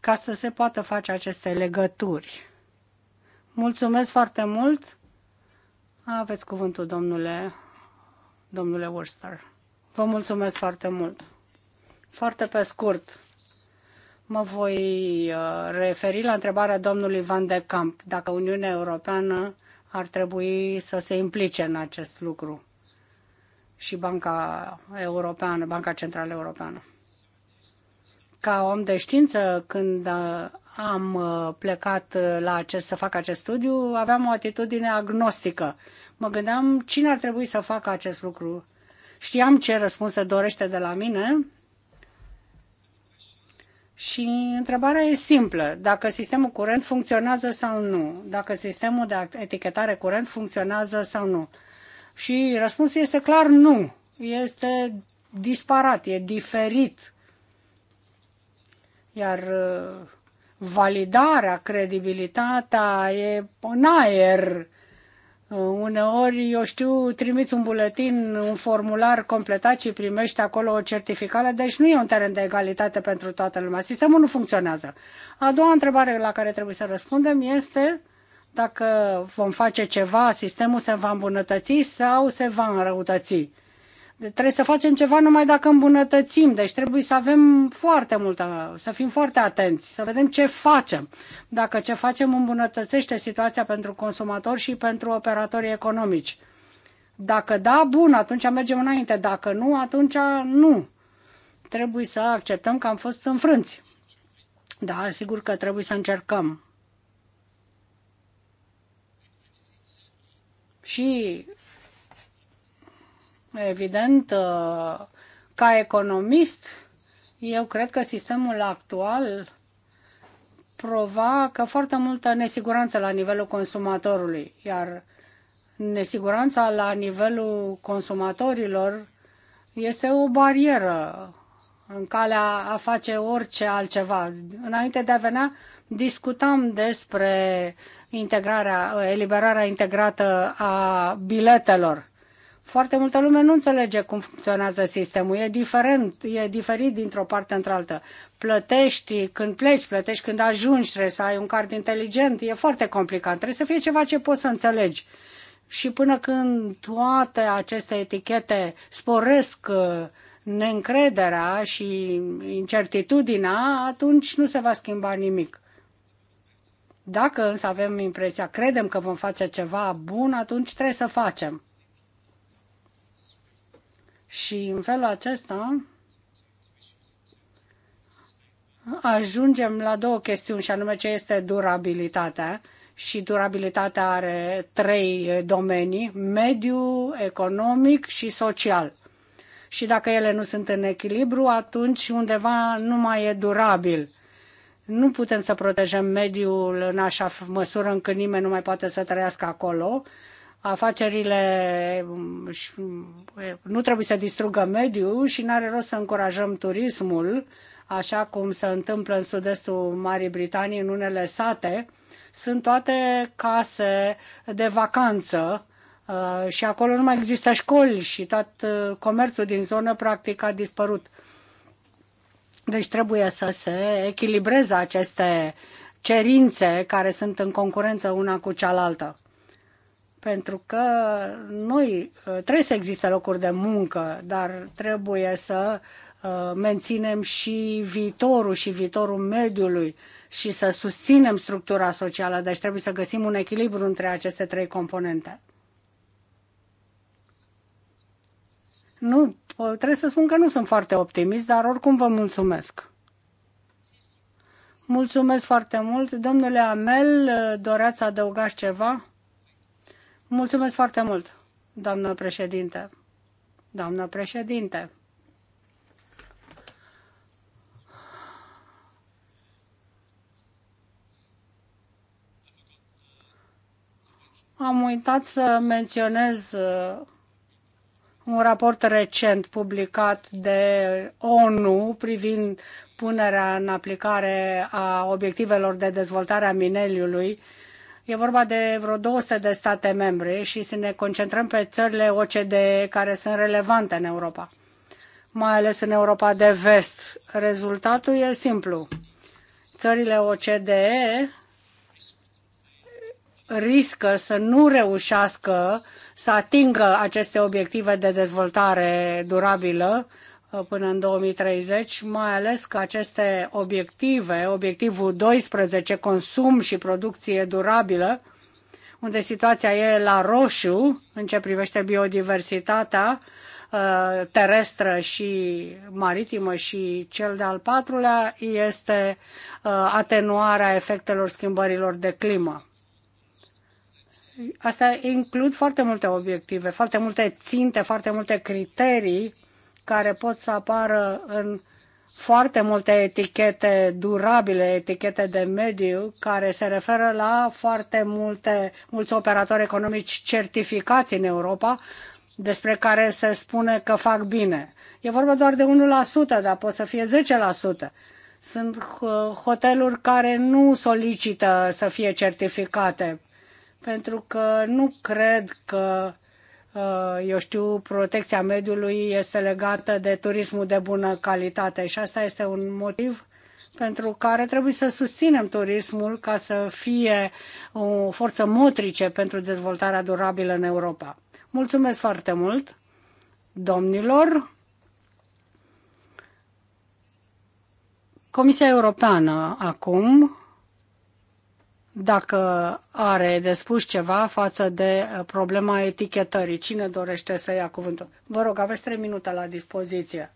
ca să se poată face aceste legături. Mulțumesc foarte mult! Aveți cuvântul, domnule, domnule Worcester. Vă mulțumesc foarte mult! Foarte pe scurt, mă voi uh, referi la întrebarea domnului Van de Camp, dacă Uniunea Europeană ar trebui să se implice în acest lucru și Banca Europeană, Banca Centrală Europeană ca om de știință, când uh, am uh, plecat uh, la acest, să fac acest studiu, aveam o atitudine agnostică. Mă gândeam cine ar trebui să facă acest lucru. Știam ce răspuns se dorește de la mine și întrebarea e simplă. Dacă sistemul curent funcționează sau nu? Dacă sistemul de etichetare curent funcționează sau nu? Și răspunsul este clar nu. Este disparat, e diferit iar uh, validarea, credibilitatea e în aer. Uh, uneori, eu știu, trimiți un buletin, un formular completat și primești acolo o certificare, deci nu e un teren de egalitate pentru toată lumea. Sistemul nu funcționează. A doua întrebare la care trebuie să răspundem este dacă vom face ceva, sistemul se va îmbunătăți sau se va înrăutăți. Trebuie să facem ceva numai dacă îmbunătățim, deci trebuie să avem foarte multă, să fim foarte atenți, să vedem ce facem. Dacă ce facem îmbunătățește situația pentru consumatori și pentru operatorii economici. Dacă da, bun, atunci mergem înainte. Dacă nu, atunci nu. Trebuie să acceptăm că am fost înfrânți. Da, sigur că trebuie să încercăm. Și Evident, uh, ca economist, eu cred că sistemul actual provoacă foarte multă nesiguranță la nivelul consumatorului, iar nesiguranța la nivelul consumatorilor este o barieră în calea a face orice altceva. Înainte de a venea, discutam despre integrarea, eliberarea integrată a biletelor. Foarte multă lume nu înțelege cum funcționează sistemul. E diferent, e diferit dintr-o parte într-altă. Plătești când pleci, plătești când ajungi, trebuie să ai un card inteligent. E foarte complicat. Trebuie să fie ceva ce poți să înțelegi. Și până când toate aceste etichete sporesc uh, neîncrederea și incertitudinea, atunci nu se va schimba nimic. Dacă însă avem impresia, credem că vom face ceva bun, atunci trebuie să facem. Și în felul acesta ajungem la două chestiuni, și anume ce este durabilitatea. Și durabilitatea are trei domenii, mediu, economic și social. Și dacă ele nu sunt în echilibru, atunci undeva nu mai e durabil. Nu putem să protejăm mediul în așa măsură încât nimeni nu mai poate să trăiască acolo afacerile um, um, nu trebuie să distrugă mediul și nu are rost să încurajăm turismul, așa cum se întâmplă în sud-estul Marii Britanii, în unele sate, sunt toate case de vacanță uh, și acolo nu mai există școli și tot uh, comerțul din zonă practic a dispărut. Deci trebuie să se echilibreze aceste cerințe care sunt în concurență una cu cealaltă pentru că noi uh, trebuie să existe locuri de muncă, dar trebuie să uh, menținem și viitorul și viitorul mediului și să susținem structura socială. Deci trebuie să găsim un echilibru între aceste trei componente. Nu, trebuie să spun că nu sunt foarte optimist, dar oricum vă mulțumesc. Mulțumesc foarte mult. Domnule Amel, uh, doreați să adăugați ceva? Mulțumesc foarte mult, doamnă președinte. Doamnă președinte. Am uitat să menționez uh, un raport recent publicat de ONU privind punerea în aplicare a obiectivelor de dezvoltare a mineriului E vorba de vreo 200 de state membre și să ne concentrăm pe țările OCDE care sunt relevante în Europa, mai ales în Europa de vest. Rezultatul e simplu. Țările OCDE riscă să nu reușească să atingă aceste obiective de dezvoltare durabilă Uh, până în 2030, mai ales că aceste obiective, obiectivul 12, consum și producție durabilă, unde situația e la roșu în ce privește biodiversitatea uh, terestră și maritimă și cel de-al patrulea este uh, atenuarea efectelor schimbărilor de climă. Asta includ foarte multe obiective, foarte multe ținte, foarte multe criterii care pot să apară în foarte multe etichete durabile, etichete de mediu, care se referă la foarte multe, mulți operatori economici certificați în Europa, despre care se spune că fac bine. E vorba doar de 1%, dar pot să fie 10%. Sunt hoteluri care nu solicită să fie certificate, pentru că nu cred că Uh, eu știu, protecția mediului este legată de turismul de bună calitate și asta este un motiv pentru care trebuie să susținem turismul ca să fie o forță motrice pentru dezvoltarea durabilă în Europa. Mulțumesc foarte mult, domnilor! Comisia Europeană acum dacă are de spus ceva față de uh, problema etichetării. Cine dorește să ia cuvântul? Vă rog, aveți trei minute la dispoziție.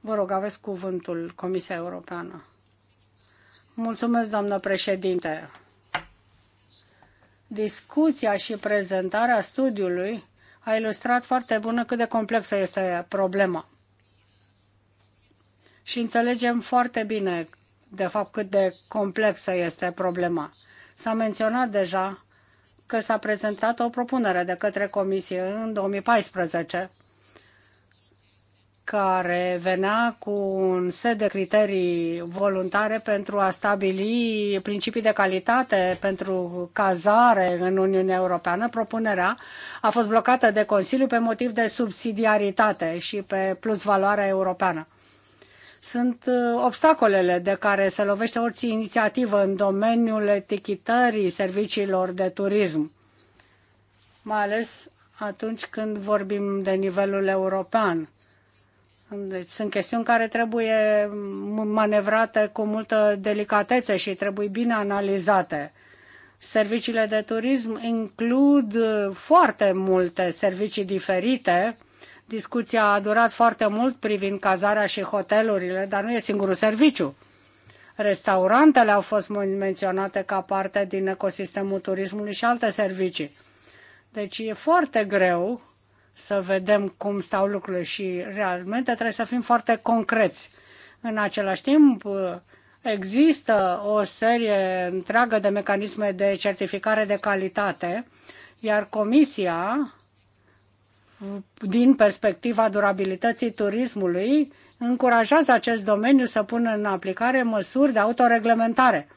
Vă rog, aveți cuvântul Comisia Europeană. Mulțumesc, doamnă președinte. Discuția și prezentarea studiului a ilustrat foarte bună cât de complexă este problema. Și înțelegem foarte bine de fapt cât de complexă este problema. S-a menționat deja că s-a prezentat o propunere de către Comisie în 2014 care venea cu un set de criterii voluntare pentru a stabili principii de calitate pentru cazare în Uniunea Europeană. Propunerea a fost blocată de Consiliu pe motiv de subsidiaritate și pe plus valoarea europeană sunt uh, obstacolele de care se lovește orice inițiativă în domeniul etichetării serviciilor de turism, mai ales atunci când vorbim de nivelul european. Deci sunt chestiuni care trebuie manevrate cu multă delicatețe și trebuie bine analizate. Serviciile de turism includ foarte multe servicii diferite, Discuția a durat foarte mult privind cazarea și hotelurile, dar nu e singurul serviciu. Restaurantele au fost menționate ca parte din ecosistemul turismului și alte servicii. Deci e foarte greu să vedem cum stau lucrurile și realmente trebuie să fim foarte concreți. În același timp, există o serie întreagă de mecanisme de certificare de calitate, iar Comisia din perspectiva durabilității turismului, încurajează acest domeniu să pună în aplicare măsuri de autoreglementare.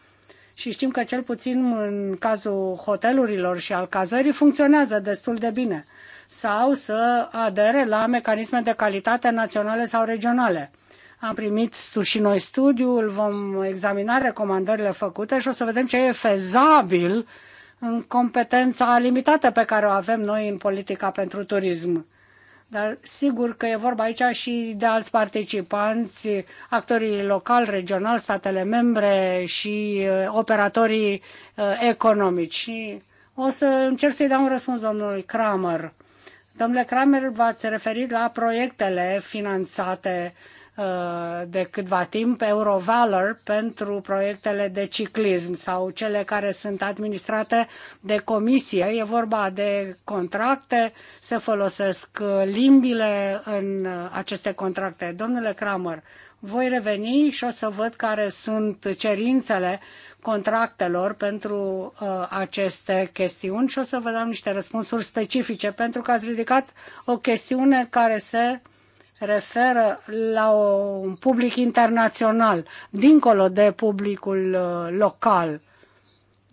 Și știm că cel puțin în cazul hotelurilor și al cazării funcționează destul de bine sau să adere la mecanisme de calitate naționale sau regionale. Am primit și noi studiul, vom examina recomandările făcute și o să vedem ce e fezabil uh, în competența limitată pe care o avem noi în politica pentru turism. Dar sigur că e vorba aici și de alți participanți, actorii locali, regionali, statele membre și uh, operatorii uh, economici. Și o să încerc să-i dau un răspuns domnului Kramer. Domnule Kramer, v-ați referit la proiectele finanțate uh, Uh, de câtva timp Eurovalor pentru proiectele de ciclism sau cele care sunt administrate de comisie. E vorba de contracte, se folosesc limbile în aceste contracte. Domnule Kramer, voi reveni și o să văd care sunt cerințele contractelor pentru uh, aceste chestiuni și o să vă dau niște răspunsuri specifice pentru că ați ridicat o chestiune care se uh, referă la un public internațional, dincolo de publicul uh, local.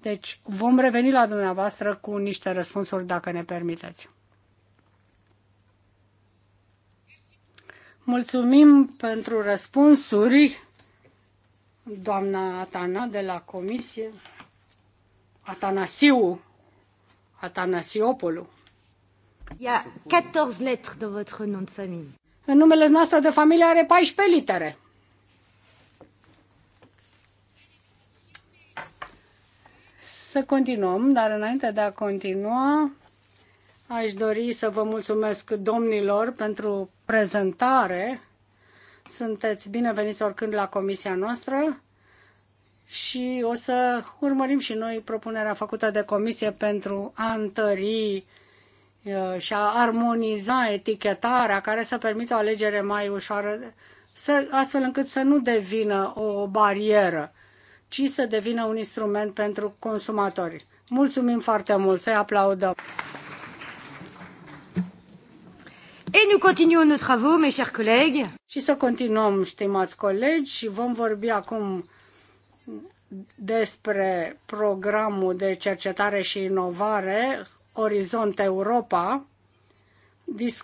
Deci vom reveni la dumneavoastră cu niște răspunsuri, dacă ne permiteți. Mulțumim pentru răspunsuri, doamna Atana de la Comisie, Atanasiu, Atanasiopolu. Il y a 14 lettres dans votre nom de famille. În numele noastră de familie are 14 litere. Să continuăm, dar înainte de a continua, aș dori să vă mulțumesc domnilor pentru prezentare. Sunteți bineveniți oricând la comisia noastră și o să urmărim și noi propunerea făcută de comisie pentru a întări și a armoniza etichetarea care să permită o alegere mai ușoară, să, astfel încât să nu devină o barieră, ci să devină un instrument pentru consumatori. Mulțumim foarte mult, să-i aplaudăm! Et nous continuons nos travaux, mes chers collègues. Și să continuăm, stimați colegi, și vom vorbi acum despre programul de cercetare și inovare Orizont Europa,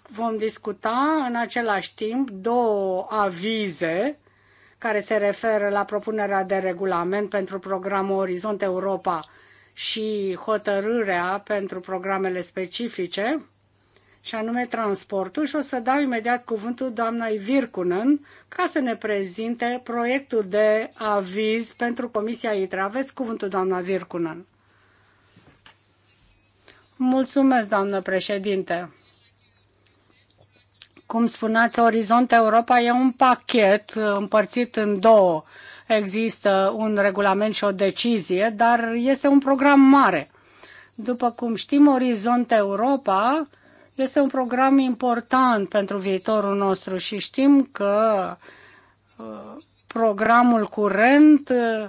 vom discuta în același timp două avize care se referă la propunerea de regulament pentru programul Orizont Europa și hotărârea pentru programele specifice, și anume transportul, și o să dau imediat cuvântul doamnei Virkunen ca să ne prezinte proiectul de aviz pentru Comisia ITRA. Aveți cuvântul, doamna Virkunen. Mulțumesc, doamnă președinte. Cum spuneați, Orizont Europa e un pachet împărțit în două. Există un regulament și o decizie, dar este un program mare. După cum știm, Orizont Europa este un program important pentru viitorul nostru și știm că uh, programul curent uh,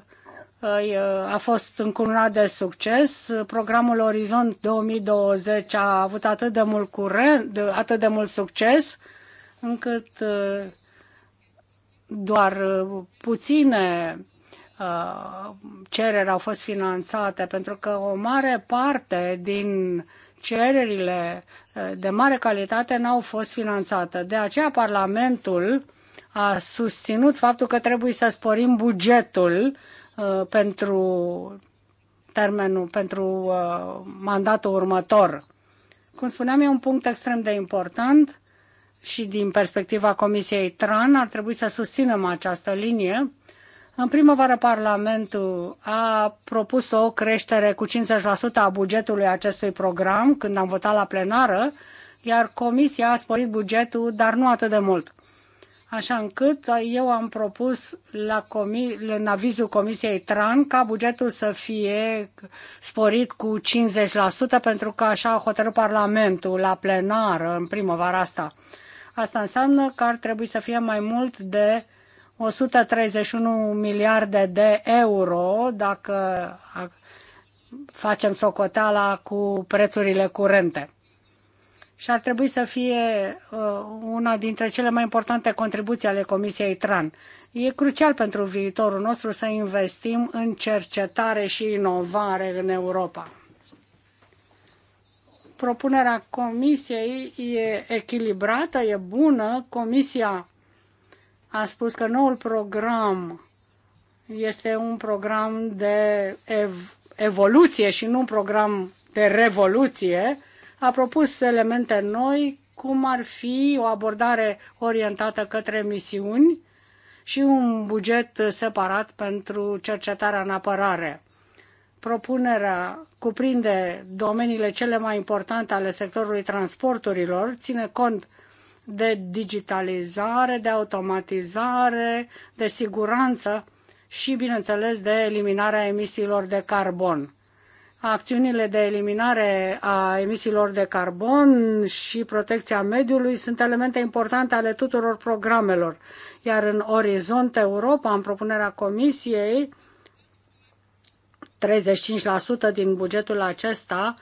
Păi, uh, a fost încununat de succes. Programul Orizont 2020 a avut atât de mult curent, atât de mult succes, încât uh, doar uh, puține cereri au fost finanțate, pentru că o mare parte din cererile de mare calitate n-au fost finanțate. De aceea Parlamentul a susținut faptul că trebuie să sporim bugetul Uh, pentru termenul, pentru uh, mandatul următor. Cum spuneam, e un punct extrem de important și din perspectiva Comisiei TRAN ar trebui să susținem această linie. În primăvară, Parlamentul a propus o creștere cu 50% a bugetului acestui program când am votat la plenară, iar Comisia a sporit bugetul, dar nu atât de mult așa încât eu am propus la comi- în avizul Comisiei TRAN ca bugetul să fie sporit cu 50% pentru că așa a hotărât Parlamentul la plenară în primăvara asta. Asta înseamnă că ar trebui să fie mai mult de 131 miliarde de euro dacă facem socoteala cu prețurile curente și ar trebui să fie uh, una dintre cele mai importante contribuții ale Comisiei TRAN. E crucial pentru viitorul nostru să investim în cercetare și inovare în Europa. Propunerea Comisiei e echilibrată, e bună. Comisia a spus că noul program este un program de ev- evoluție și nu un program de revoluție a propus elemente noi, cum ar fi o abordare orientată către misiuni și un buget separat pentru cercetarea în apărare. Propunerea cuprinde domeniile cele mai importante ale sectorului transporturilor, ține cont de digitalizare, de automatizare, de siguranță și, bineînțeles, de eliminarea emisiilor de carbon acțiunile de eliminare a emisiilor de carbon și protecția mediului sunt elemente importante ale tuturor programelor. Iar în Orizont Europa, în propunerea Comisiei, 35% din bugetul acesta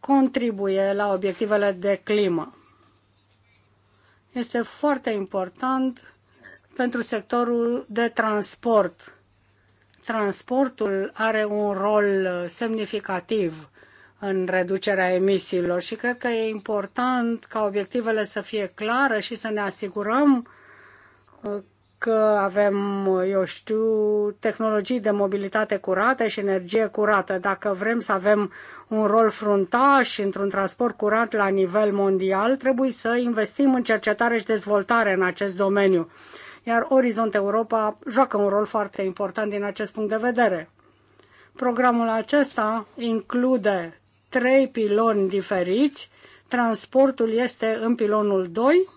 contribuie la obiectivele de climă. Este foarte important pentru sectorul de transport transportul are un rol uh, semnificativ în reducerea emisiilor și cred că e important ca obiectivele să fie clare și să ne asigurăm uh, că avem, uh, eu știu, tehnologii de mobilitate curată și energie curată. Dacă vrem să avem un rol fruntaș într-un transport curat la nivel mondial, trebuie să investim în cercetare și dezvoltare în acest domeniu iar Orizont Europa joacă un rol foarte important din acest punct de vedere. Programul acesta include trei piloni diferiți. Transportul este în pilonul 2.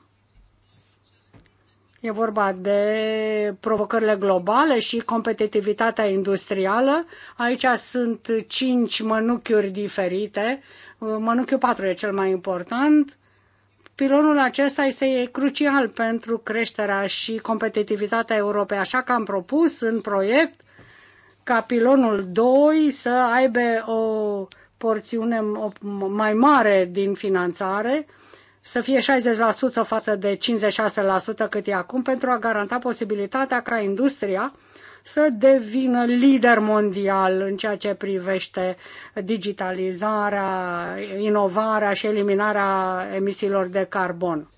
E vorba de provocările globale și competitivitatea industrială. Aici sunt cinci mănuchiuri diferite. Mănuchiul 4 e cel mai important Pilonul acesta este crucial pentru creșterea și competitivitatea Europei, așa că am propus în proiect ca pilonul 2 să aibă o porțiune mai mare din finanțare, să fie 60% față de 56% cât e acum, pentru a garanta posibilitatea ca industria să devină lider mondial în ceea ce privește digitalizarea, inovarea și eliminarea emisiilor de carbon.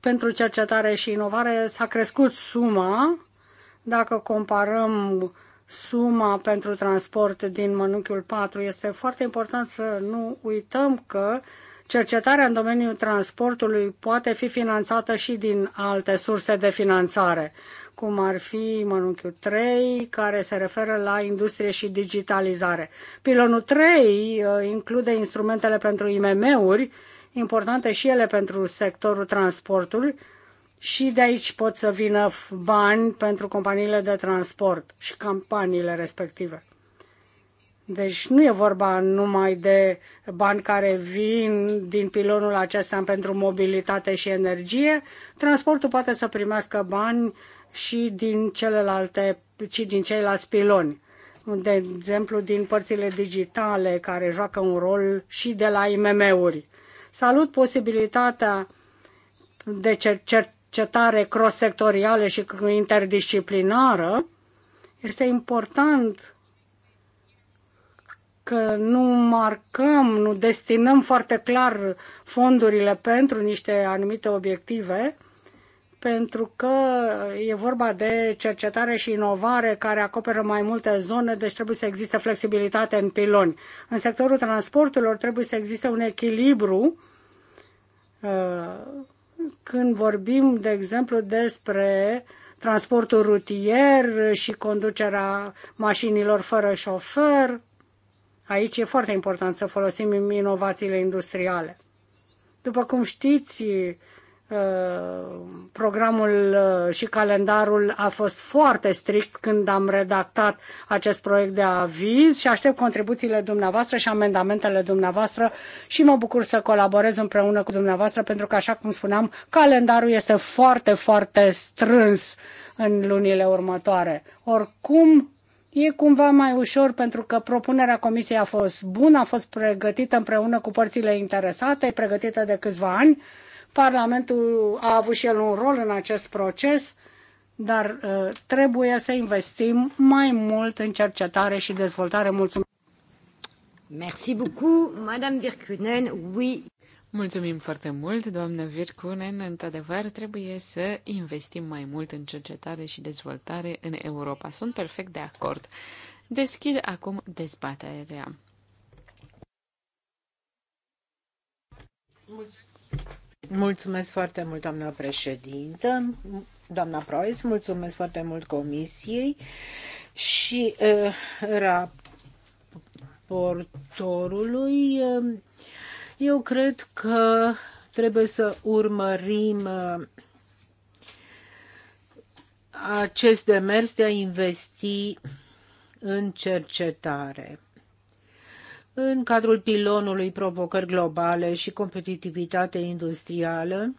Pentru cercetare și inovare s-a crescut suma, dacă comparăm suma pentru transport din mănunchiul 4, este foarte important să nu uităm că uh, Cercetarea în domeniul transportului poate fi finanțată și din alte surse de finanțare, cum ar fi mănunchiul 3, care se referă la industrie și digitalizare. Pilonul 3 uh, include instrumentele pentru IMM-uri, importante și ele pentru sectorul transportului, și de aici pot să vină bani pentru companiile de transport și campaniile respective. Deci nu e vorba numai de bani care vin din pilonul acesta pentru mobilitate și energie. Transportul poate să primească bani și din celelalte, și din ceilalți piloni. De exemplu, din părțile digitale care joacă un rol și de la IMM-uri. Salut posibilitatea de cercetare cross-sectorială și interdisciplinară. Este important că nu marcăm, nu destinăm foarte clar fondurile pentru niște anumite obiective, pentru că e vorba de cercetare și inovare care acoperă mai multe zone, deci trebuie să existe flexibilitate în piloni. În sectorul transporturilor trebuie să existe un echilibru uh, când vorbim, de exemplu, despre transportul rutier și conducerea mașinilor fără șofer, Aici e foarte important să folosim inovațiile industriale. După cum știți, uh, programul uh, și calendarul a fost foarte strict când am redactat acest proiect de aviz și aștept contribuțiile dumneavoastră și amendamentele dumneavoastră și mă bucur să colaborez împreună cu dumneavoastră pentru că, așa cum spuneam, calendarul este foarte, foarte strâns în lunile următoare. Oricum, E cumva mai ușor pentru că propunerea comisiei a fost bună, a fost pregătită împreună cu părțile interesate, pregătită de câțiva ani. Parlamentul a avut și el un rol în acest proces, dar uh, trebuie să investim mai mult în cercetare și dezvoltare. Mulțumesc! Merci beaucoup, Madame Virkunen. Oui. Mulțumim foarte mult, doamnă Virkunen. Într-adevăr, trebuie să investim mai mult în cercetare și dezvoltare în Europa. Sunt perfect de acord. Deschid acum dezbaterea. Mulțumesc foarte mult, doamna președintă. Doamna Proies, mulțumesc foarte mult comisiei și uh, raportorului. Uh, eu cred că trebuie să urmărim uh, acest demers de a investi în cercetare. În cadrul pilonului provocări globale și competitivitate industrială,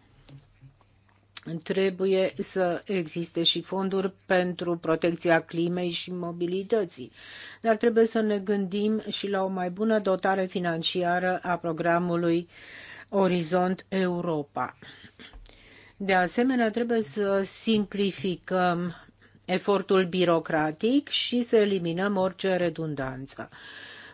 trebuie să existe și fonduri pentru protecția climei și mobilității. Dar trebuie să ne gândim și la o mai bună dotare financiară a programului Orizont Europa. De asemenea, trebuie să simplificăm efortul birocratic și să eliminăm orice redundanță.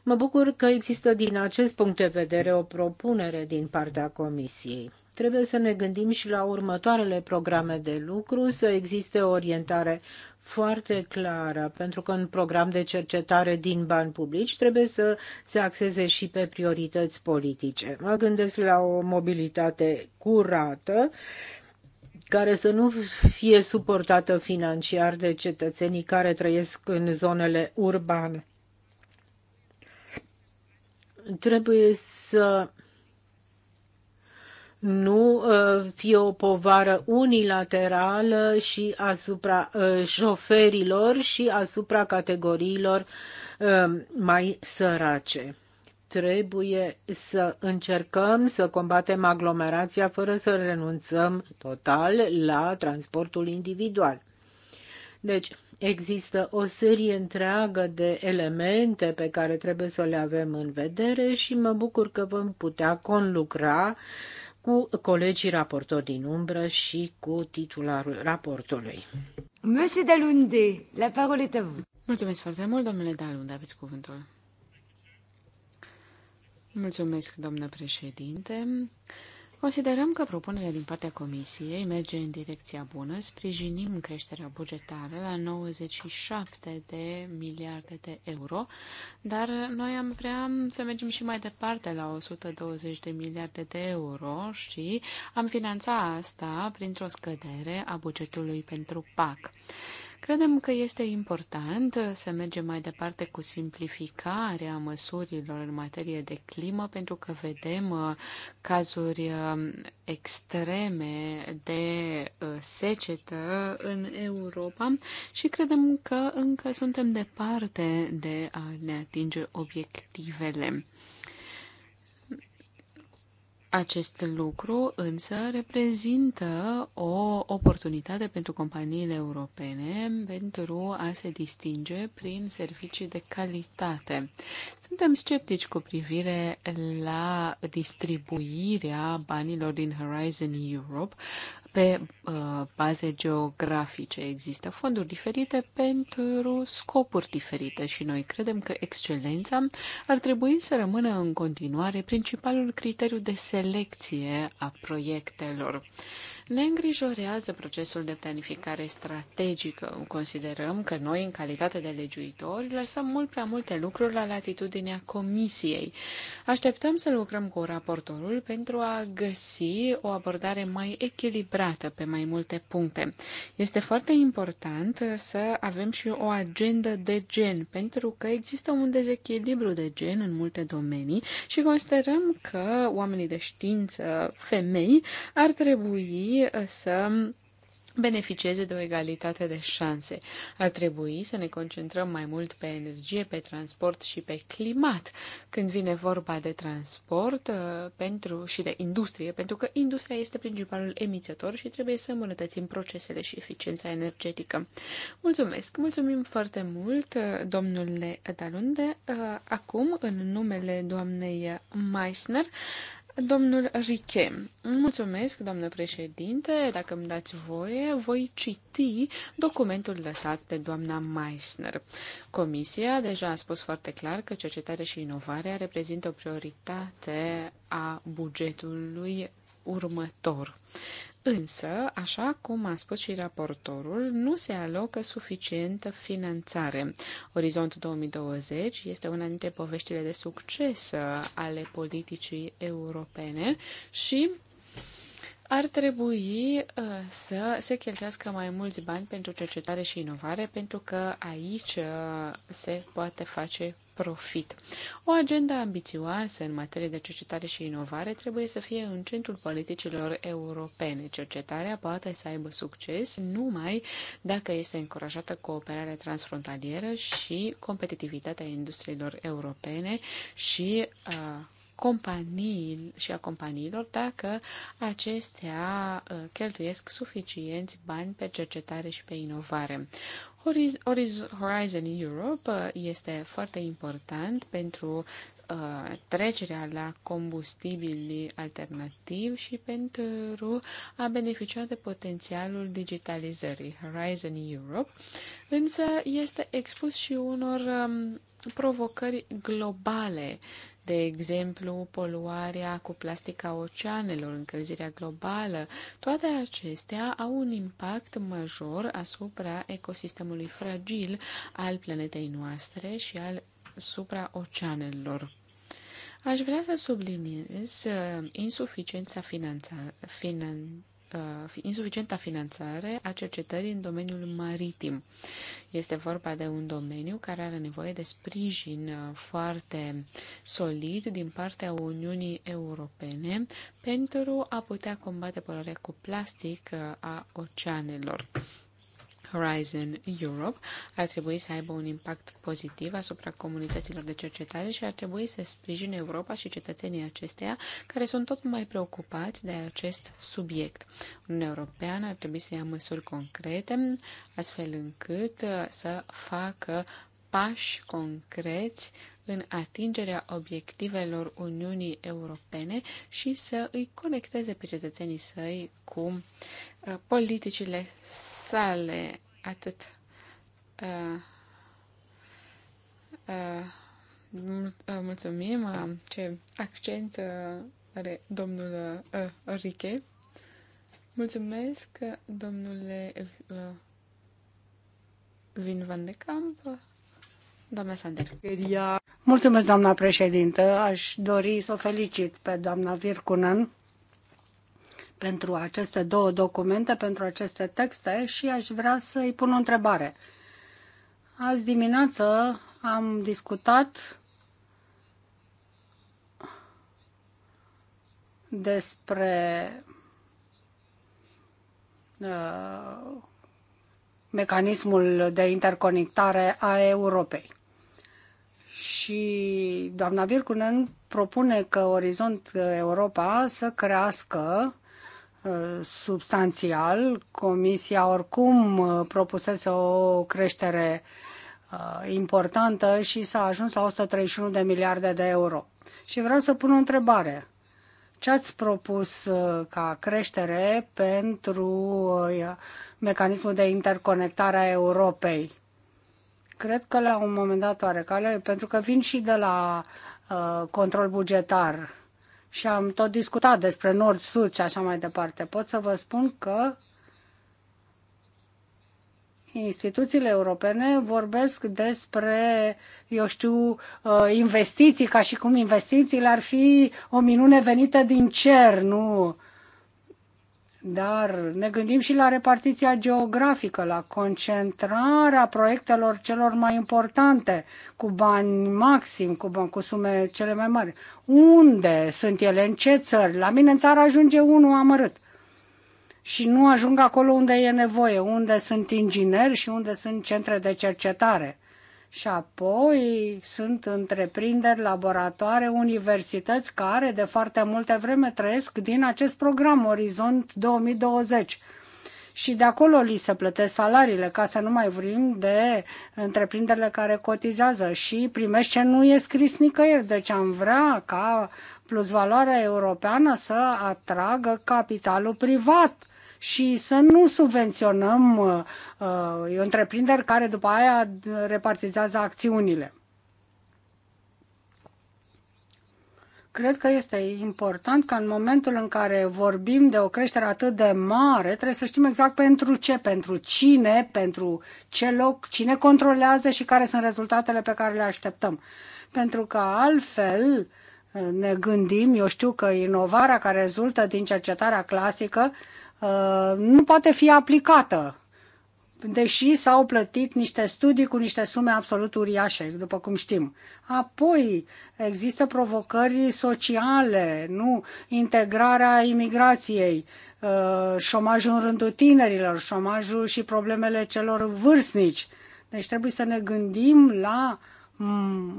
Mă bucur că există din acest punct de vedere o propunere din partea Comisiei. Trebuie să ne gândim și la următoarele programe de lucru, să existe o orientare foarte clară, pentru că în program de cercetare din bani publici trebuie să se axeze și pe priorități politice. Mă gândesc la o mobilitate curată, care să nu fie suportată financiar de cetățenii care trăiesc în zonele urbane. Trebuie să nu uh, fie o povară unilaterală și asupra uh, șoferilor și asupra categoriilor uh, mai sărace trebuie să încercăm să combatem aglomerația fără să renunțăm total la transportul individual. Deci, există o serie întreagă de elemente pe care trebuie să le avem în vedere și mă bucur că vom putea conlucra cu colegii raportori din umbră și cu titularul raportului. Monsieur Dalunde, la parole est à vous. Mulțumesc foarte mult, domnule Dalunde, aveți cuvântul. Mulțumesc, doamnă președinte. Considerăm că propunerea din partea Comisiei merge în direcția bună, sprijinim creșterea bugetară la 97 de miliarde de euro, dar noi am vrea să mergem și mai departe la 120 de miliarde de euro și am finanțat asta printr-o scădere a bugetului pentru PAC. Credem că este important să mergem mai departe cu simplificarea măsurilor în materie de climă, pentru că vedem uh, cazuri um, extreme de uh, secetă în Europa și credem că încă suntem departe de a ne atinge obiectivele. Acest lucru însă reprezintă o oportunitate pentru companiile europene pentru a se distinge prin servicii de calitate. Suntem sceptici cu privire la distribuirea banilor din Horizon Europe pe uh, baze geografice. Există fonduri diferite pentru scopuri diferite și noi credem că excelența ar trebui să rămână în continuare principalul criteriu de selecție a proiectelor. Ne îngrijorează procesul de planificare strategică. Considerăm că noi, în calitate de legiuitori, lăsăm mult prea multe lucruri la latitudinea comisiei. Așteptăm să lucrăm cu raportorul pentru a găsi o abordare mai echilibrată pe mai multe puncte. Este foarte important să avem și o agendă de gen, pentru că există un dezechilibru de gen în multe domenii și considerăm că oamenii de știință, femei, ar trebui să beneficieze de o egalitate de șanse. Ar trebui să ne concentrăm mai mult pe energie, pe transport și pe climat. Când vine vorba de transport uh, pentru, și de industrie, pentru că industria este principalul emițător și trebuie să îmbunătățim procesele și eficiența energetică. Mulțumesc! Mulțumim foarte mult, uh, domnule Dalunde. Uh, acum, în numele doamnei Meissner, Domnul Riche, mulțumesc, doamnă președinte. Dacă îmi dați voie, voi citi documentul lăsat de doamna Meissner. Comisia deja a spus foarte clar că cercetarea și inovarea reprezintă o prioritate a bugetului următor. Însă, așa cum a spus și raportorul, nu se alocă suficientă finanțare. Orizont 2020 este una dintre poveștile de succes ale politicii europene și ar trebui uh, să se cheltuiască mai mulți bani pentru cercetare și inovare, pentru că aici uh, se poate face profit. O agendă ambițioasă în materie de cercetare și inovare trebuie să fie în centrul politicilor europene. Cercetarea poate să aibă succes numai dacă este încurajată cooperarea transfrontalieră și competitivitatea industriilor europene și uh, companii și a companiilor dacă acestea uh, cheltuiesc suficienți bani pe cercetare și pe inovare. Horizon Europe uh, este foarte important pentru uh, trecerea la combustibili alternativi și pentru a beneficia de potențialul digitalizării. Horizon Europe însă este expus și unor um, provocări globale uh, de exemplu, poluarea cu plastica oceanelor, încălzirea globală, toate acestea au un impact major asupra ecosistemului fragil al planetei noastre și al supraoceanelor. Aș vrea să subliniez uh, insuficiența finanța, Uh, insuficienta finanțare a cercetării în domeniul maritim. Este vorba de un domeniu care are nevoie de sprijin uh, foarte solid din partea Uniunii Europene pentru a putea combate poluarea cu plastic uh, a oceanelor. Horizon Europe ar trebui să aibă un impact pozitiv asupra comunităților de cercetare și ar trebui să sprijine Europa și cetățenii acesteia care sunt tot mai preocupați de acest subiect. Un european ar trebui să ia măsuri concrete astfel încât uh, să facă pași concreți în atingerea obiectivelor Uniunii Europene și să îi conecteze pe cetățenii săi cu uh, politicile sale atât. Uh, uh, mulțumim. Uh, ce accent uh, are domnul uh, Riche. Mulțumesc, domnule uh, Vin Van de Camp. Doamna Sander. Mulțumesc, doamna președintă. Aș dori să o felicit pe doamna Virkunen pentru aceste două documente, pentru aceste texte și aș vrea să-i pun o întrebare. Azi dimineață am discutat despre uh, mecanismul de interconectare a Europei. Și doamna Virkunen propune că Orizont Europa să crească substanțial. Comisia oricum uh, propusese o creștere uh, importantă și s-a ajuns la 131 de miliarde de euro. Și vreau să pun o întrebare. Ce ați propus uh, ca creștere pentru mecanismul de interconectare a Europei? Cred că la un moment dat oarecare, pentru că vin și de la uh, control bugetar și am tot discutat despre nord-sud și așa mai departe, pot să vă spun că instituțiile europene vorbesc despre, eu știu, uh, investiții, ca și cum investițiile ar fi o minune venită din cer, nu dar ne gândim și la repartiția geografică, la concentrarea proiectelor celor mai importante, cu bani maxim, cu, bani, cu sume cele mai mari. Unde sunt ele? În ce țări? La mine în țară ajunge unul amărât. Și nu ajung acolo unde e nevoie, unde sunt ingineri și unde sunt centre de cercetare și apoi sunt întreprinderi, laboratoare, universități care de foarte multe vreme trăiesc din acest program Orizont 2020 și de acolo li se plătesc salariile, ca să nu mai vorbim de întreprinderile care cotizează și primește ce nu e scris nicăieri. Deci am vrea ca plusvaloarea europeană să atragă capitalul privat și să nu subvenționăm uh, uh, întreprinderi care după aia repartizează acțiunile. Cred că este important ca în momentul în care vorbim de o creștere atât de mare, trebuie să știm exact pentru ce, pentru cine, pentru ce loc, cine controlează și care sunt rezultatele pe care le așteptăm. Pentru că altfel uh, ne gândim, eu știu că inovarea care rezultă din cercetarea clasică Uh, nu poate fi aplicată, deși s-au plătit niște studii cu niște sume absolut uriașe, după cum știm. Apoi există provocări sociale, nu integrarea imigrației, uh, șomajul în rândul tinerilor, șomajul și problemele celor vârstnici. Deci trebuie să ne gândim la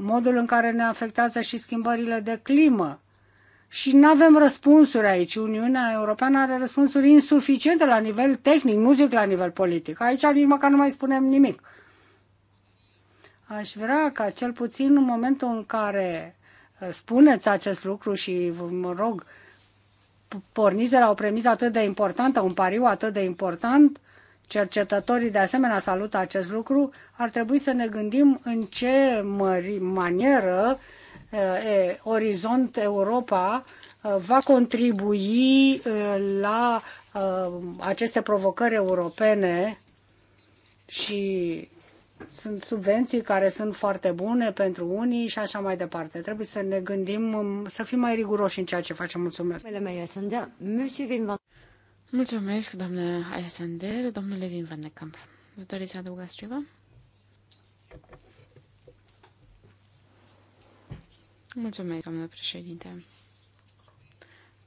modul în care ne afectează și schimbările de climă și nu avem răspunsuri aici. Uniunea Europeană are răspunsuri insuficiente la nivel tehnic, nu zic la nivel politic. Aici nici măcar nu mai spunem nimic. Aș vrea ca cel puțin în momentul în care uh, spuneți acest lucru și mă rog, porniți de la o premisă atât de importantă, un pariu atât de important, cercetătorii de asemenea salută acest lucru, ar trebui să ne gândim în ce mări, manieră Orizont Europa va contribui la aceste provocări europene și sunt subvenții care sunt foarte bune pentru unii și așa mai departe. Trebuie să ne gândim, să fim mai riguroși în ceea ce facem. Mulțumesc! Mulțumesc, doamnă Alexander, domnule Vin Van de Camp. Vă doriți să adăugați ceva? Mulțumesc, doamnă președinte.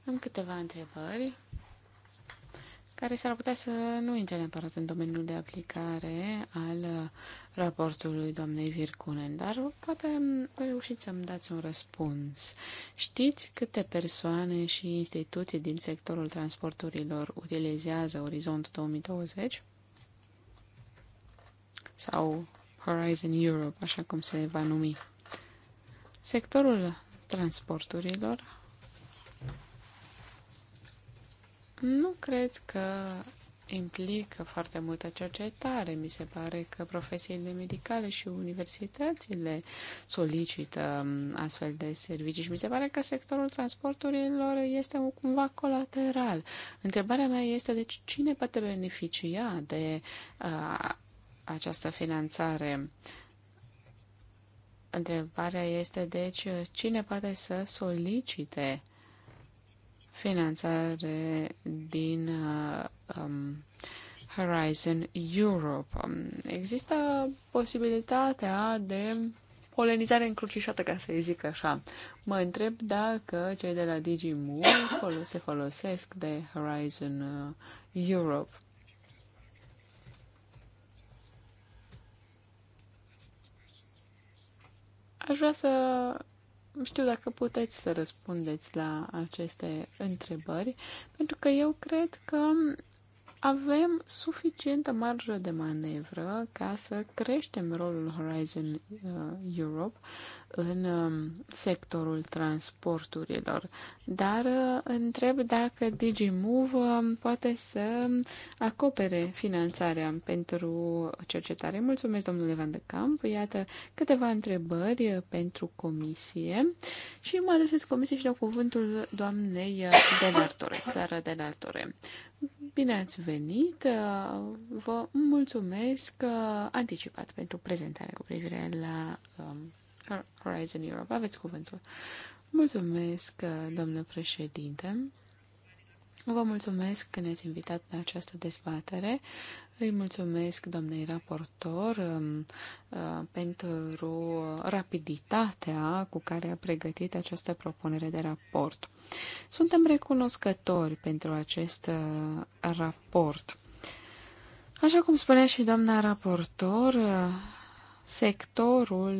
Am câteva întrebări care s-ar putea să nu intre neapărat în domeniul de aplicare al raportului doamnei Vircunen, dar poate reușiți să-mi dați un răspuns. Știți câte persoane și instituții din sectorul transporturilor utilizează Orizont 2020? Sau Horizon Europe, așa cum se va numi. Sectorul transporturilor nu cred că implică foarte multă cercetare. Mi se pare că profesiile medicale și universitățile solicită um, astfel de servicii și mi se pare că sectorul transporturilor este cumva colateral. Întrebarea mea este, deci, cine poate beneficia de a, uh, această finanțare? Uh, Întrebarea este, deci, cine poate să solicite finanțare din uh, um, Horizon Europe? Există posibilitatea de polenizare încrucișată, ca să zic așa. Mă întreb dacă cei de la Digimon se folosesc de Horizon uh, Europe. Aș vrea să știu dacă puteți să răspundeți la aceste întrebări, pentru că eu cred că avem suficientă marjă de manevră ca să creștem rolul Horizon uh, Europe în um, sectorul transporturilor. Dar uh, întreb dacă DigiMove um, poate să acopere finanțarea pentru cercetare. Mulțumesc, domnule Van de Camp. Iată câteva întrebări pentru comisie și mă adresez comisie și dau cuvântul doamnei Delartore, Clara Delartore. Bine ați venit! Vă mulțumesc uh, anticipat pentru prezentarea cu privire la um, Horizon Europe. Aveți cuvântul. Mulțumesc, uh, domnule președinte. Vă mulțumesc că ne-ați invitat la această dezbatere. Îi mulțumesc doamnei raportor um, uh, pentru rapiditatea cu care a pregătit această propunere de raport. Suntem recunoscători pentru acest uh, raport. Așa cum spunea și doamna raportor, uh, sectorul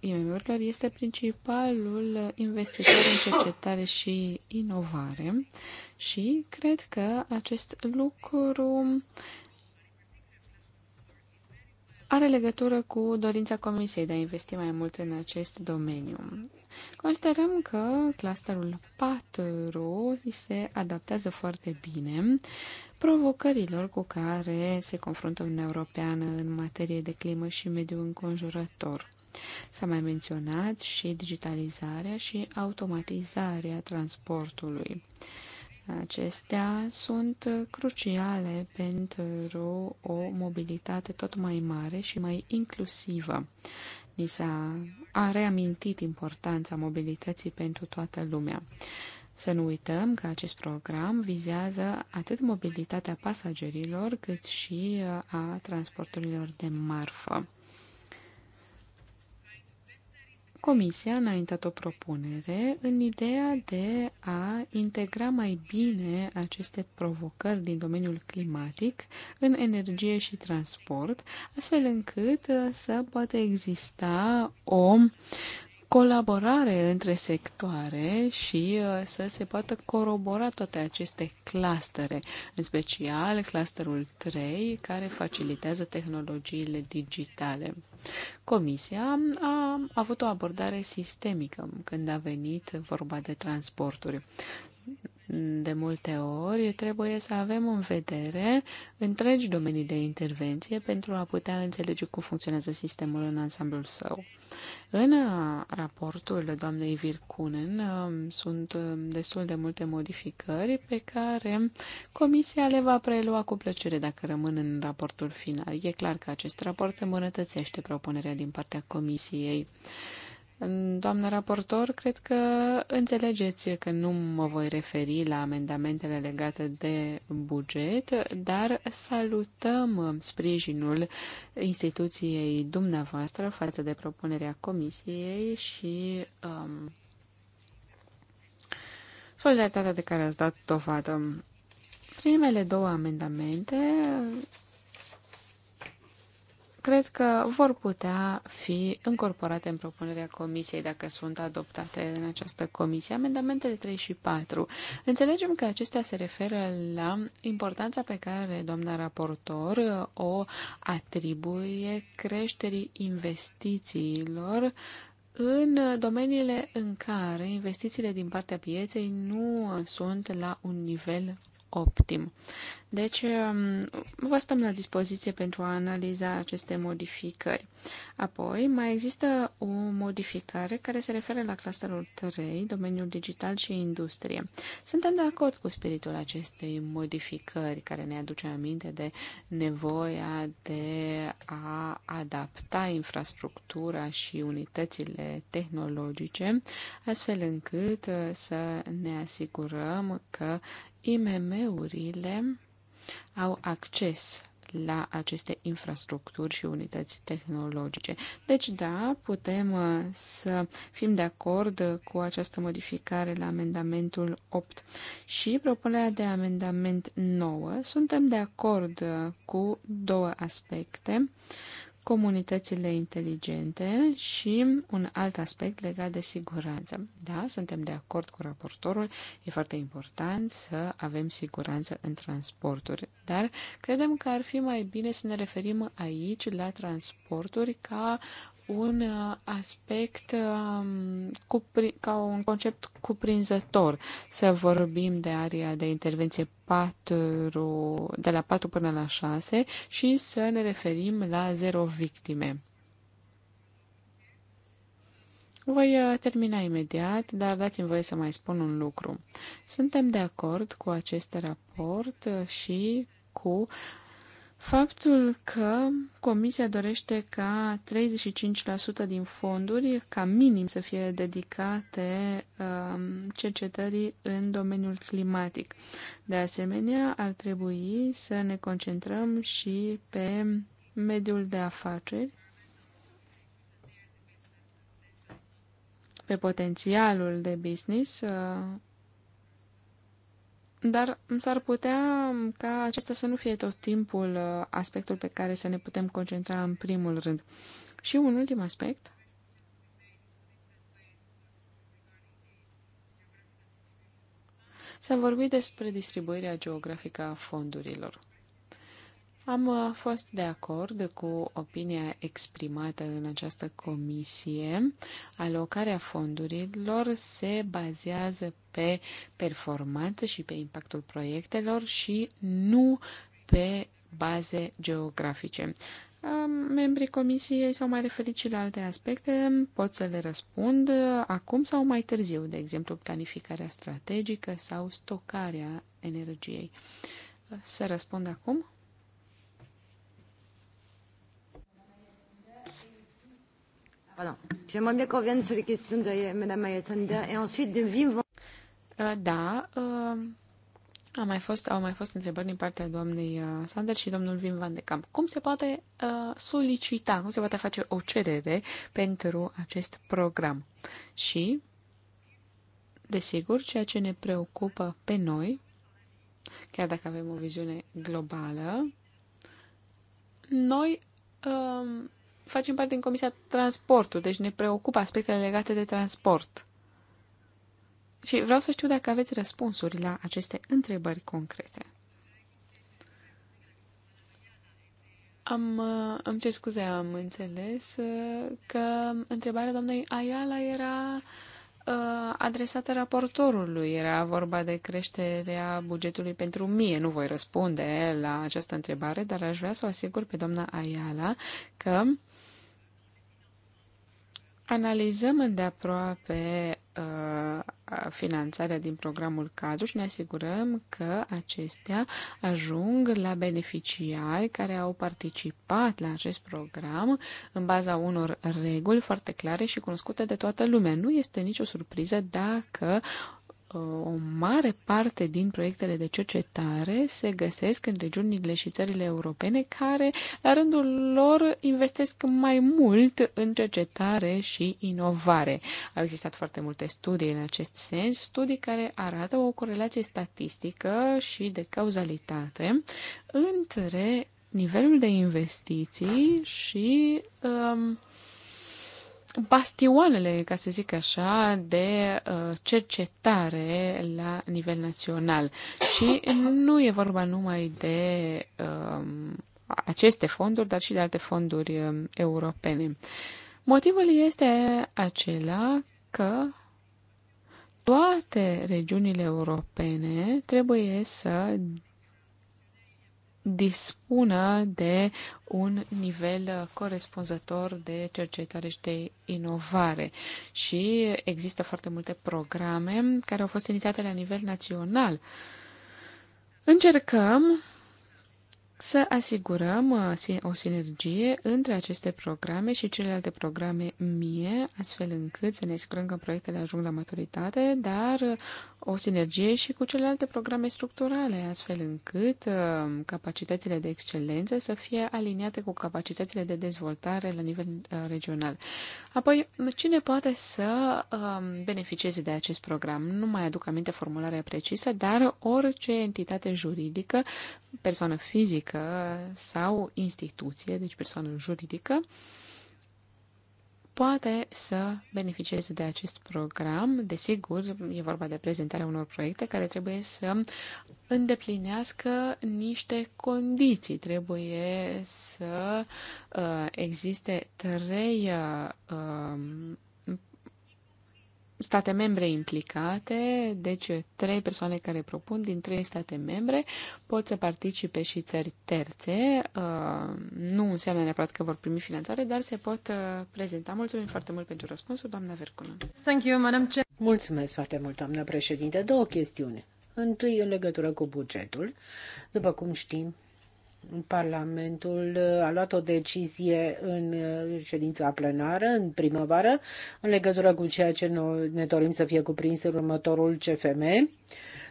IMM-urilor este principalul investitor în cercetare și inovare și cred că acest lucru are legătură cu dorința Comisiei de a investi mai mult în acest domeniu. Considerăm că clusterul 4 se adaptează foarte bine provocărilor cu care se confruntă Uniunea Europeană în materie de climă și mediu înconjurător. S-a mai menționat și digitalizarea și automatizarea transportului. Acestea sunt cruciale pentru o mobilitate tot mai mare și mai inclusivă. Ni s-a a reamintit importanța mobilității pentru toată lumea. Să nu uităm că acest program vizează atât mobilitatea pasagerilor cât și uh, a transporturilor de marfă. Comisia a înaintat o propunere în ideea de a integra mai bine aceste provocări din domeniul climatic în energie și transport, astfel încât uh, să poată exista o colaborare între sectoare și uh, să se poată corobora toate aceste clustere, în special clusterul 3, care facilitează tehnologiile digitale. Comisia a avut o abordare sistemică când a venit vorba de transporturi de multe ori trebuie să avem în vedere întregi domenii de intervenție pentru a putea înțelege cum funcționează sistemul în ansamblul său. În uh, raportul doamnei Virkunen um, sunt um, destul de multe modificări pe care comisia le va prelua cu plăcere dacă rămân în raportul final. E clar că acest raport îmbunătățește propunerea din partea comisiei. Doamnă raportor, cred că înțelegeți că nu mă voi referi la amendamentele legate de buget, dar salutăm sprijinul instituției dumneavoastră față de propunerea comisiei și um, solidaritatea de care ați dat dovadă. Primele două amendamente cred că vor putea fi incorporate în propunerea comisiei dacă sunt adoptate în această comisie. Amendamentele 3 și 4. Înțelegem că acestea se referă la importanța pe care doamna raportor o atribuie creșterii investițiilor în domeniile în care investițiile din partea pieței nu sunt la un nivel optim. Deci, um, vă stăm la dispoziție pentru a analiza aceste modificări. Apoi, mai există o modificare care se referă la clusterul 3, domeniul digital și industrie. Suntem de acord cu spiritul acestei modificări care ne aduce aminte de nevoia de a adapta infrastructura și unitățile tehnologice astfel încât uh, să ne asigurăm că IMM-urile au acces la aceste infrastructuri și unități tehnologice. Deci, da, putem uh, să fim de acord cu această modificare la amendamentul 8 și propunerea de amendament 9. Suntem de acord uh, cu două aspecte comunitățile inteligente și un alt aspect legat de siguranță. Da, suntem de acord cu raportorul, e foarte important să avem siguranță în transporturi, dar credem că ar fi mai bine să ne referim aici la transporturi ca un uh, aspect um, ca un concept cuprinzător. Să vorbim de area de intervenție 4, de la 4 până la 6 și să ne referim la 0 victime. Voi uh, termina imediat, dar dați-mi voie să mai spun un lucru. Suntem de acord cu acest raport uh, și cu uh, Faptul că Comisia dorește ca 35% din fonduri, ca minim, să fie dedicate um, cercetării în domeniul climatic. De asemenea, ar trebui să ne concentrăm și pe mediul de afaceri, pe potențialul de business uh, dar s-ar putea ca acesta să nu fie tot timpul uh, aspectul pe care să ne putem concentra în primul rând. Și un ultim aspect. S-a vorbit despre distribuirea geografică a fondurilor. Am uh, fost de acord cu opinia exprimată în această comisie. Alocarea fondurilor se bazează pe performanță și pe impactul proiectelor și nu pe baze geografice. Membrii comisiei s-au mai referit și la alte aspecte, pot să le răspund acum sau mai târziu, de exemplu planificarea strategică sau stocarea energiei. Să răspund acum? Pardon. J'aimerais bien qu'on revienne sur les questions de euh, Mme et ensuite de euh, Da, euh, a mai fost, au mai fost întrebări din partea doamnei uh, Sander și domnul Vim Van de Camp. Cum se poate uh, solicita, cum se poate face o cerere pentru acest program? Și, desigur, ceea ce ne preocupă pe noi, chiar dacă avem o viziune globală, noi um, facem parte din Comisia Transportul, deci ne preocupă aspectele legate de transport. Și vreau să știu dacă aveți răspunsuri la aceste întrebări concrete. Am, uh, îmi ce scuze, am înțeles uh, că întrebarea doamnei Ayala era uh, adresată raportorului. Era vorba de creșterea bugetului pentru mie. Nu voi răspunde la această întrebare, dar aș vrea să o asigur pe doamna Ayala că uh, Analizăm îndeaproape uh, finanțarea din programul cadru și ne asigurăm că acestea ajung la beneficiari care au participat la acest program în baza unor reguli foarte clare și cunoscute de toată lumea. Nu este nicio surpriză dacă o mare parte din proiectele de cercetare se găsesc în regiunile și țările europene care, la rândul lor, investesc mai mult în cercetare și inovare. Au existat foarte multe studii în acest sens, studii care arată o corelație statistică și de cauzalitate între nivelul de investiții și um, bastioanele, ca să zic așa, de uh, cercetare la nivel național. Și nu e vorba numai de um, aceste fonduri, dar și de alte fonduri um, europene. Motivul este acela că toate regiunile europene trebuie să dispună de un nivel corespunzător de cercetare și de inovare. Și există foarte multe programe care au fost inițiate la nivel național. Încercăm să asigurăm uh, o sinergie între aceste programe și celelalte programe mie, astfel încât să ne asigurăm că proiectele ajung la maturitate, dar uh, o sinergie și cu celelalte programe structurale, astfel încât uh, capacitățile de excelență să fie aliniate cu capacitățile de dezvoltare la nivel regional. Apoi, cine poate să um, beneficieze de acest program? Nu mai aduc aminte formularea precisă, dar orice entitate juridică, persoană fizică, juridică sau instituție, deci persoană juridică, poate să beneficieze de acest program. Desigur, e vorba de prezentarea unor proiecte care trebuie să îndeplinească niște condiții. Trebuie să uh, existe trei uh, um, state membre implicate, deci trei persoane care propun din trei state membre pot să participe și țări terțe. Uh, nu înseamnă neapărat că vor primi finanțare, dar se pot uh, prezenta. Mulțumim foarte mult pentru răspunsul, doamna Vercună. Thank you, madam Mulțumesc foarte mult, doamna președinte. Două chestiuni. Întâi în legătură cu bugetul. După cum știm, Parlamentul uh, a luat o decizie în uh, ședința plenară, în primăvară, în legătură cu ceea ce ne dorim să fie cuprins în următorul CFM.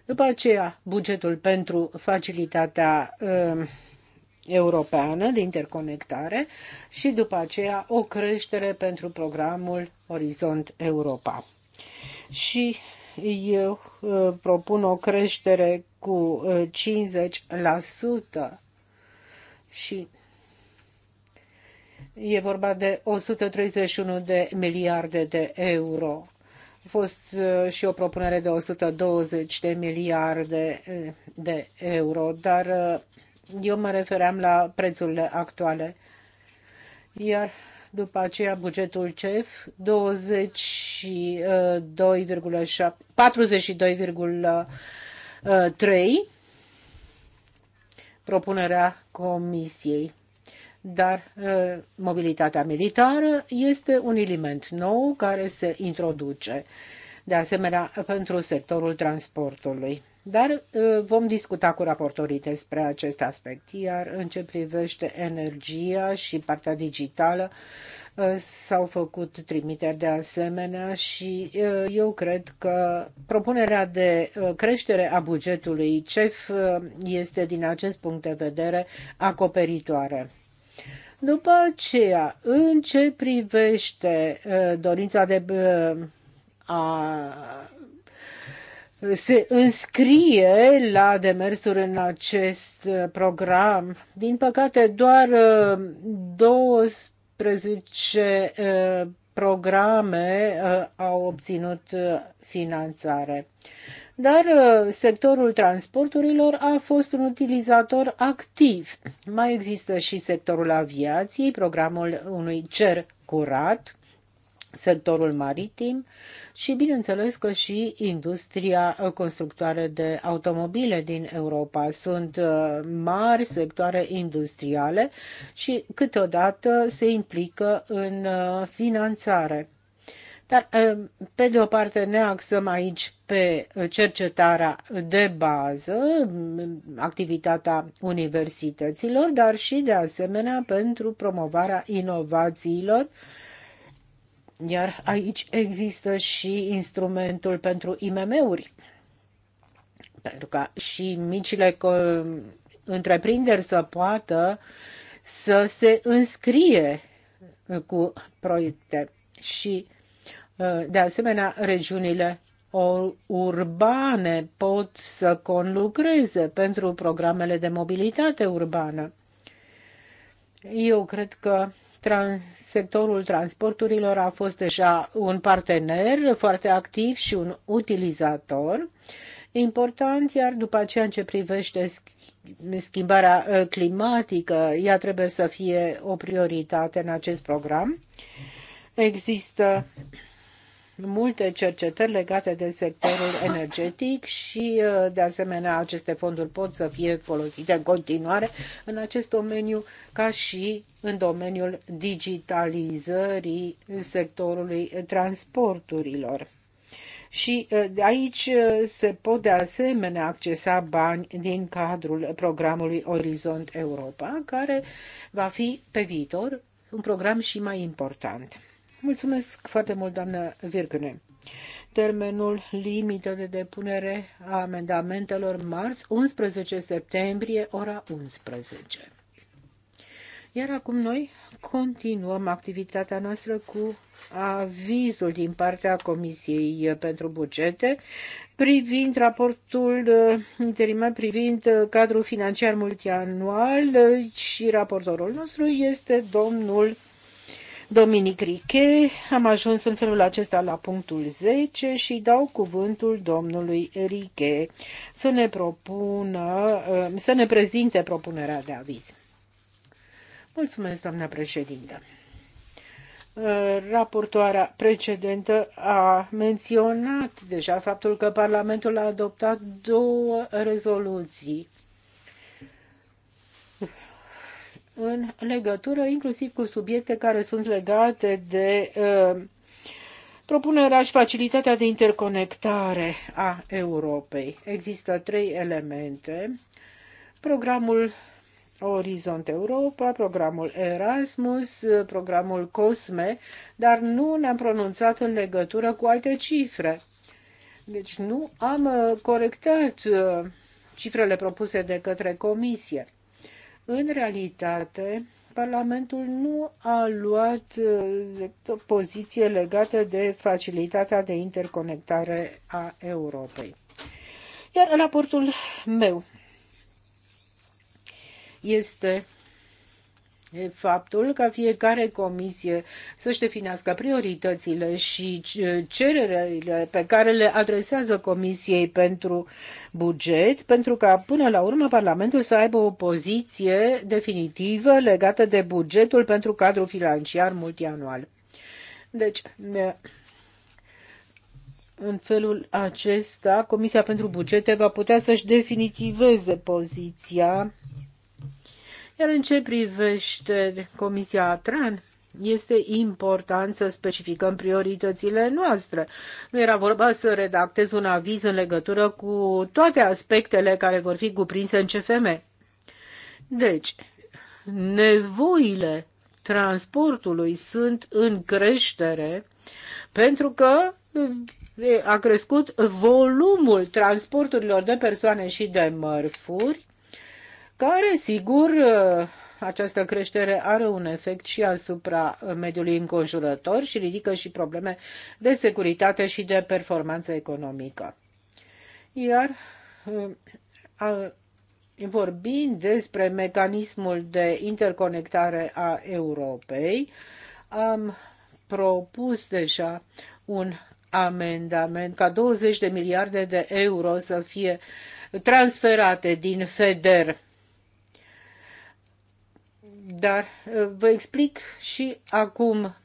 După aceea, bugetul pentru facilitatea uh, europeană de interconectare și după aceea o creștere pentru programul Orizont Europa. Și eu propun o creștere cu 50% și e vorba de 131 de miliarde de euro. A fost uh, și o propunere de 120 de miliarde uh, de euro, dar uh, eu mă refeream la prețurile actuale. Iar după aceea bugetul CEF 22,7 42,3 propunerea Comisiei. Dar uh, mobilitatea militară este un element nou care se introduce, de asemenea, pentru sectorul transportului. Dar uh, vom discuta cu raportorii despre acest aspect. Iar în ce privește energia și partea digitală, Uh, s-au făcut trimiteri de asemenea și uh, eu cred că propunerea de uh, creștere a bugetului CEF este din acest punct de vedere acoperitoare. După aceea, în ce privește dorința de a se înscrie la demersuri în acest program. Din păcate, doar 12 18 programe au obținut finanțare. Dar sectorul transporturilor a fost un utilizator activ. Mai există și sectorul aviației, programul unui cer curat, sectorul maritim și, bineînțeles, că și industria constructoare de automobile din Europa. Sunt uh, mari sectoare industriale și câteodată se implică în uh, finanțare. Dar, uh, pe de o parte, ne axăm aici pe cercetarea de bază, activitatea universităților, dar și, de asemenea, pentru promovarea inovațiilor iar aici există și instrumentul pentru IMM-uri, pentru ca și micile întreprinderi să poată să se înscrie cu proiecte și, ă, de asemenea, regiunile urbane pot să conlucreze pentru programele de mobilitate urbană. Eu cred că Trans sectorul transporturilor a fost deja un partener foarte activ și un utilizator important, iar după ceea ce privește schimbarea uh, climatică, ea trebuie să fie o prioritate în acest program. Există multe cercetări legate de sectorul energetic și, uh, de asemenea, aceste fonduri pot să fie folosite în continuare în acest domeniu, ca și în domeniul digitalizării sectorului transporturilor. Și uh, aici uh, se pot de asemenea accesa bani din cadrul programului Orizont Europa, care va fi pe viitor un program și mai important. Mulțumesc foarte mult, doamnă Virgâne. Termenul limită de depunere a amendamentelor marți, 11 septembrie, ora 11. Iar acum noi continuăm activitatea noastră cu avizul din partea Comisiei pentru Bugete privind raportul uh, interimar privind uh, cadrul financiar multianual uh, și raportorul nostru este domnul Dominic Riche. Am ajuns în felul acesta la punctul 10 și dau cuvântul domnului Riche să ne propună, uh, să ne prezinte propunerea de aviz. Mulțumesc, doamna președintă. Uh, raportoarea precedentă a menționat deja faptul că Parlamentul a adoptat două rezoluții în legătură inclusiv cu subiecte care sunt legate de uh, propunerea și facilitatea de interconectare a Europei. Există trei elemente. Programul Orizont Europa, programul Erasmus, programul COSME, dar nu ne-am pronunțat în legătură cu alte cifre. Deci nu am uh, corectat uh, cifrele propuse de către Comisie. În realitate, Parlamentul nu a luat eh, o poziție legată de facilitatea de interconectare a Europei. Iar raportul meu este faptul ca fiecare comisie să-și definească prioritățile și uh, cererile pe care le adresează Comisiei pentru buget, pentru ca până la urmă Parlamentul să aibă o poziție definitivă legată de bugetul pentru cadrul financiar multianual. Deci, uh, în felul acesta, Comisia pentru Bugete va putea să-și definitiveze poziția iar în ce privește Comisia TRAN, este important să specificăm prioritățile noastre. Nu era vorba să redactez un aviz în legătură cu toate aspectele care vor fi cuprinse în CFM. Deci, nevoile transportului sunt în creștere pentru că a crescut volumul transporturilor de persoane și de mărfuri care, sigur, această creștere are un efect și asupra mediului înconjurător și ridică și probleme de securitate și de performanță economică. Iar a, vorbind despre mecanismul de interconectare a Europei, am propus deja un amendament ca 20 de miliarde de euro să fie transferate din FEDER dar uh, vă explic și acum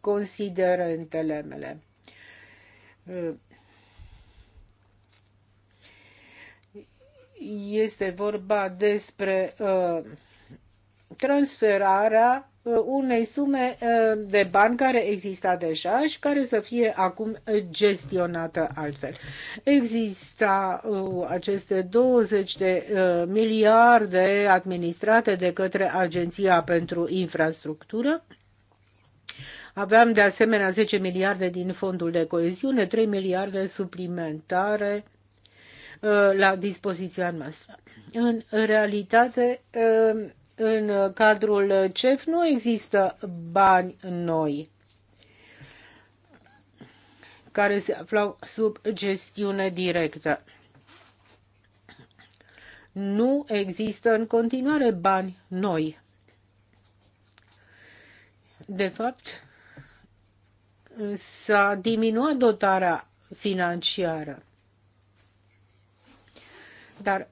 considerentele mele. Uh, este vorba despre uh, transferarea Uh, unei sume uh, de bani care exista deja și care să fie acum gestionată altfel. Exista uh, aceste 20 de miliarde administrate de către Agenția pentru Infrastructură. Aveam de asemenea 10 miliarde din fondul de coeziune, 3 miliarde suplimentare la dispoziția noastră. În realitate, în cadrul CEF nu există bani noi care se aflau sub gestiune directă. Nu există în continuare bani noi. De fapt, s-a diminuat dotarea financiară. Dar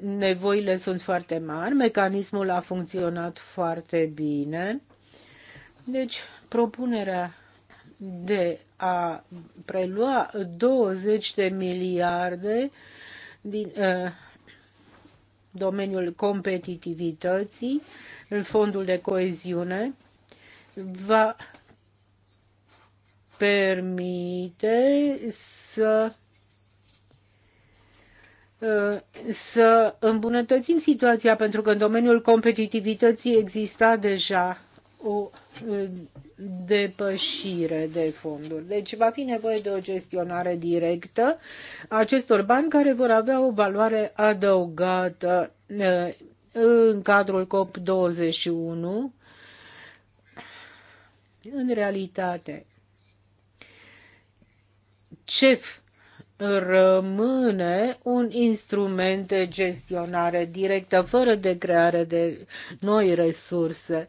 nevoile sunt foarte mari, mecanismul a funcționat foarte bine. Deci, propunerea de a prelua 20 de miliarde din uh, domeniul competitivității în fondul de coeziune va permite să Uh, să îmbunătățim situația, pentru că în domeniul competitivității exista deja o uh, depășire de fonduri. Deci va fi nevoie de o gestionare directă a acestor bani care vor avea o valoare adăugată uh, în cadrul COP21. În realitate, CEF rămâne un instrument de gestionare directă, fără de creare de noi resurse.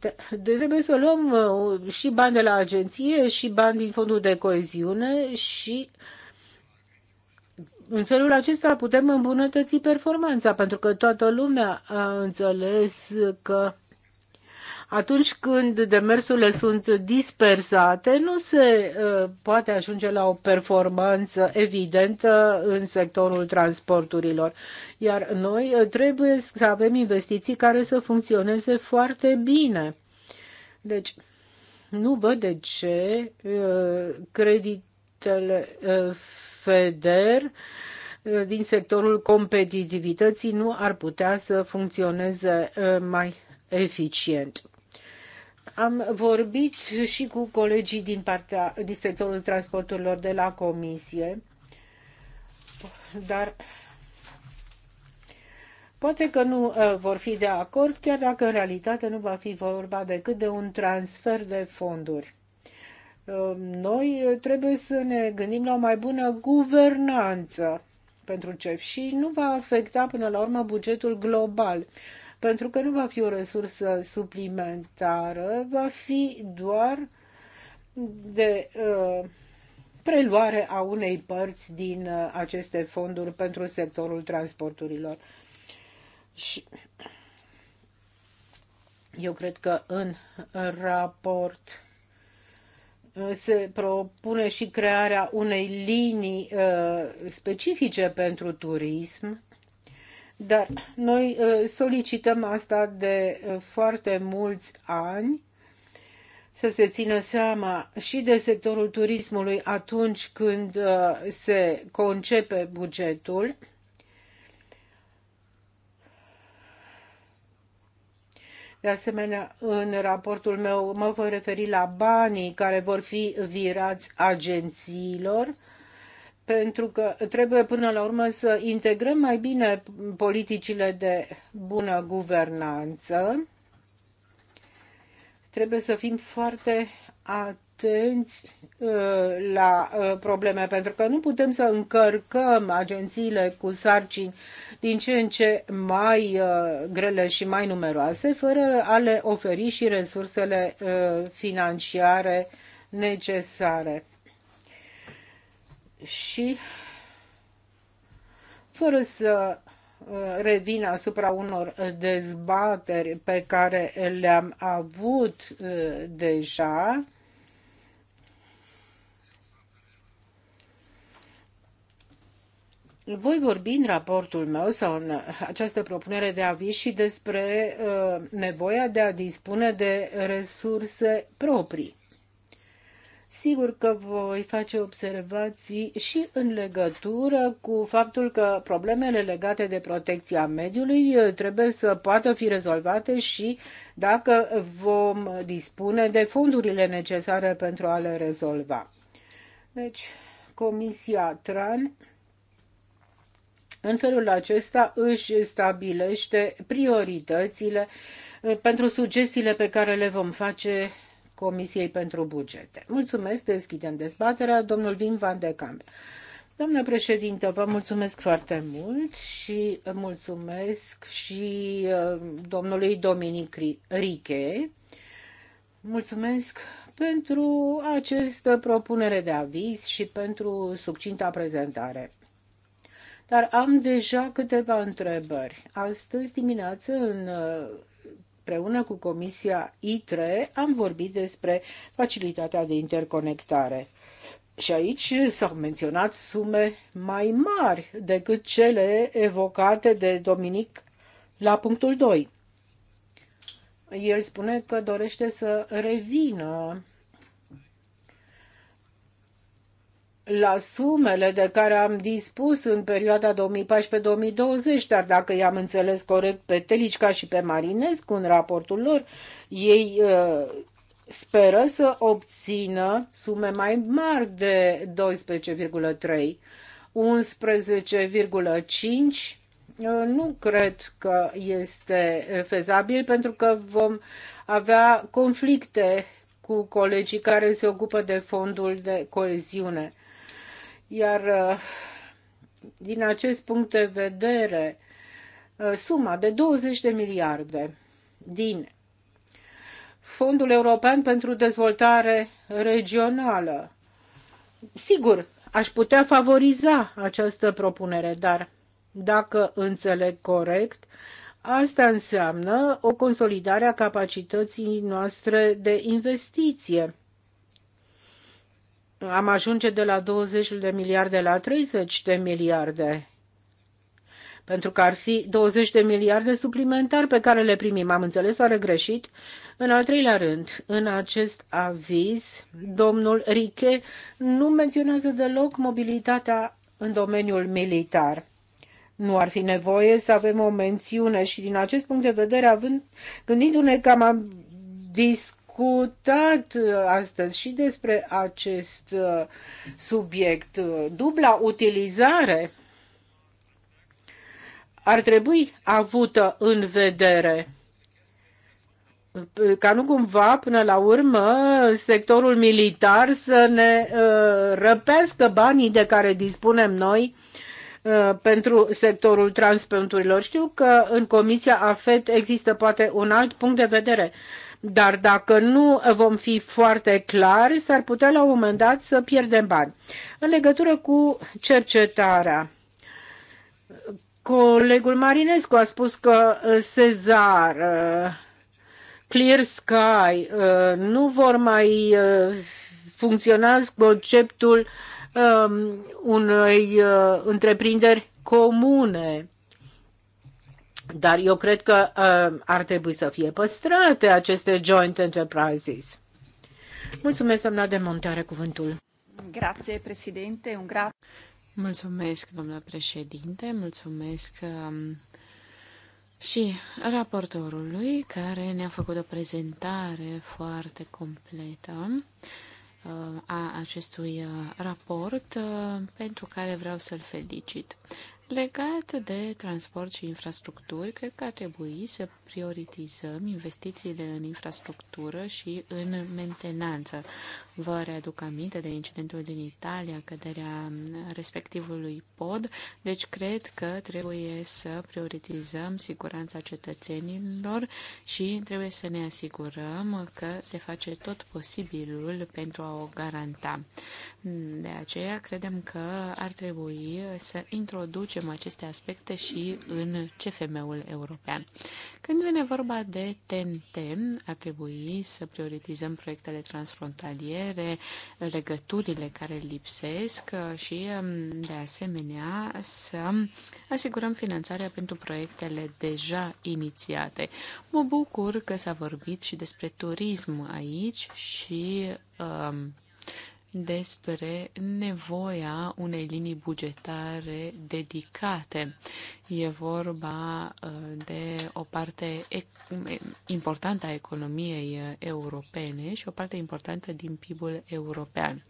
De- trebuie să luăm uh, și bani de la agenție și bani din fondul de coeziune și în felul acesta putem îmbunătăți performanța, pentru că toată lumea a înțeles că atunci când demersurile sunt dispersate, nu se uh, poate ajunge la o performanță evidentă în sectorul transporturilor. Iar noi uh, trebuie să avem investiții care să funcționeze foarte bine. Deci, nu văd de ce uh, creditele FEDER din sectorul competitivității nu ar putea să funcționeze mai eficient. Am vorbit și cu colegii din, partea, din sectorul transporturilor de la Comisie, dar Poate că nu uh, vor fi de acord, chiar dacă în realitate nu va fi vorba decât de un transfer de fonduri. Uh, noi trebuie să ne gândim la o mai bună guvernanță pentru CEF și nu va afecta până la urmă bugetul global pentru că nu va fi o resursă suplimentară, va fi doar de uh, preluare a unei părți din uh, aceste fonduri pentru sectorul transporturilor. Și eu cred că în raport uh, se propune și crearea unei linii uh, specifice pentru turism dar noi uh, solicităm asta de uh, foarte mulți ani să se țină seama și de sectorul turismului atunci când uh, se concepe bugetul. De asemenea, în raportul meu mă voi referi la banii care vor fi virați agențiilor pentru că trebuie până la urmă să integrăm mai bine politicile de bună guvernanță. Trebuie să fim foarte atenți uh, la uh, probleme, pentru că nu putem să încărcăm agențiile cu sarcini din ce în ce mai uh, grele și mai numeroase, fără a le oferi și resursele financiare necesare și fără să uh, revin asupra unor dezbateri pe care le-am avut uh, deja, Voi vorbi în raportul meu sau în această propunere de aviz și despre uh, nevoia de a dispune de resurse proprii. Sigur că voi face observații și în legătură cu faptul că problemele legate de protecția mediului uh, trebuie să poată fi rezolvate și dacă vom dispune de fondurile necesare pentru a le rezolva. Deci, Comisia TRAN în felul acesta își stabilește prioritățile uh, pentru sugestiile pe care le vom face Comisiei pentru Bugete. Mulțumesc, deschidem dezbaterea. Domnul Vin Van de Camp. Doamnă președintă, vă mulțumesc foarte mult și mulțumesc și uh, domnului Dominic Riche. Mulțumesc pentru această propunere de aviz și pentru succinta prezentare. Dar am deja câteva întrebări. Astăzi dimineață, în uh, împreună cu Comisia ITRE am vorbit despre facilitatea de interconectare. Și aici s-au menționat sume mai mari decât cele evocate de Dominic la punctul 2. El spune că dorește să revină la sumele de care am dispus în perioada 2014-2020, dar dacă i-am înțeles corect pe Telicca și pe Marinescu în raportul lor, ei uh, speră să obțină sume mai mari de 12,3, 11,5 uh, nu cred că este fezabil pentru că vom avea conflicte cu colegii care se ocupă de fondul de coeziune. Iar uh, din acest punct de vedere, uh, suma de 20 de miliarde din Fondul European pentru Dezvoltare Regională. Sigur, aș putea favoriza această propunere, dar dacă înțeleg corect, asta înseamnă o consolidare a capacității noastre de investiție am ajunge de la 20 de miliarde la 30 de miliarde. Pentru că ar fi 20 de miliarde suplimentari pe care le primim. Am înțeles are greșit? În al treilea rând, în acest aviz, domnul Riche nu menționează deloc mobilitatea în domeniul militar. Nu ar fi nevoie să avem o mențiune și din acest punct de vedere, având, gândindu-ne că am discutat discutat uh, astăzi și despre acest uh, subiect. Uh, dubla utilizare ar trebui avută în vedere ca nu cumva, până la urmă, sectorul militar să ne răpească banii de care dispunem noi pentru sectorul transplanturilor. Știu că în Comisia AFET există poate un alt punct de vedere, dar dacă nu vom fi foarte clari, s-ar putea la un moment dat să pierdem bani. În legătură cu cercetarea, colegul Marinescu a spus că uh, Cezar, uh, Clear Sky uh, nu vor mai funcționa conceptul um, unei întreprinderi comune. Dar eu cred că uh, ar trebui să fie păstrate aceste joint enterprises. Mulțumesc, doamna de Montare, cuvântul. Grație, președinte. Un gra... Mulțumesc, doamna președinte. Mulțumesc uh, și raportorului care ne-a făcut o prezentare foarte completă uh, a acestui uh, raport, uh, pentru care vreau să-l felicit. Legat de transport și infrastructuri, cred că ar trebui să prioritizăm investițiile în infrastructură și în mentenanță. Vă readuc aminte de incidentul din Italia, căderea respectivului pod, deci cred că trebuie să prioritizăm siguranța cetățenilor și trebuie să ne asigurăm că se face tot posibilul pentru a o garanta. De aceea credem că ar trebui să introducem aceste aspecte și în CFM-ul european. Când vine vorba de TNT, ar trebui să prioritizăm proiectele transfrontaliere vedere legăturile care lipsesc și, um, de asemenea, să asigurăm finanțarea pentru proiectele deja inițiate. Mă bucur că s-a vorbit și despre turism aici și um, despre nevoia unei linii bugetare dedicate. E vorba uh, de o parte um, importantă a economiei uh, europene și o parte importantă din PIB-ul european.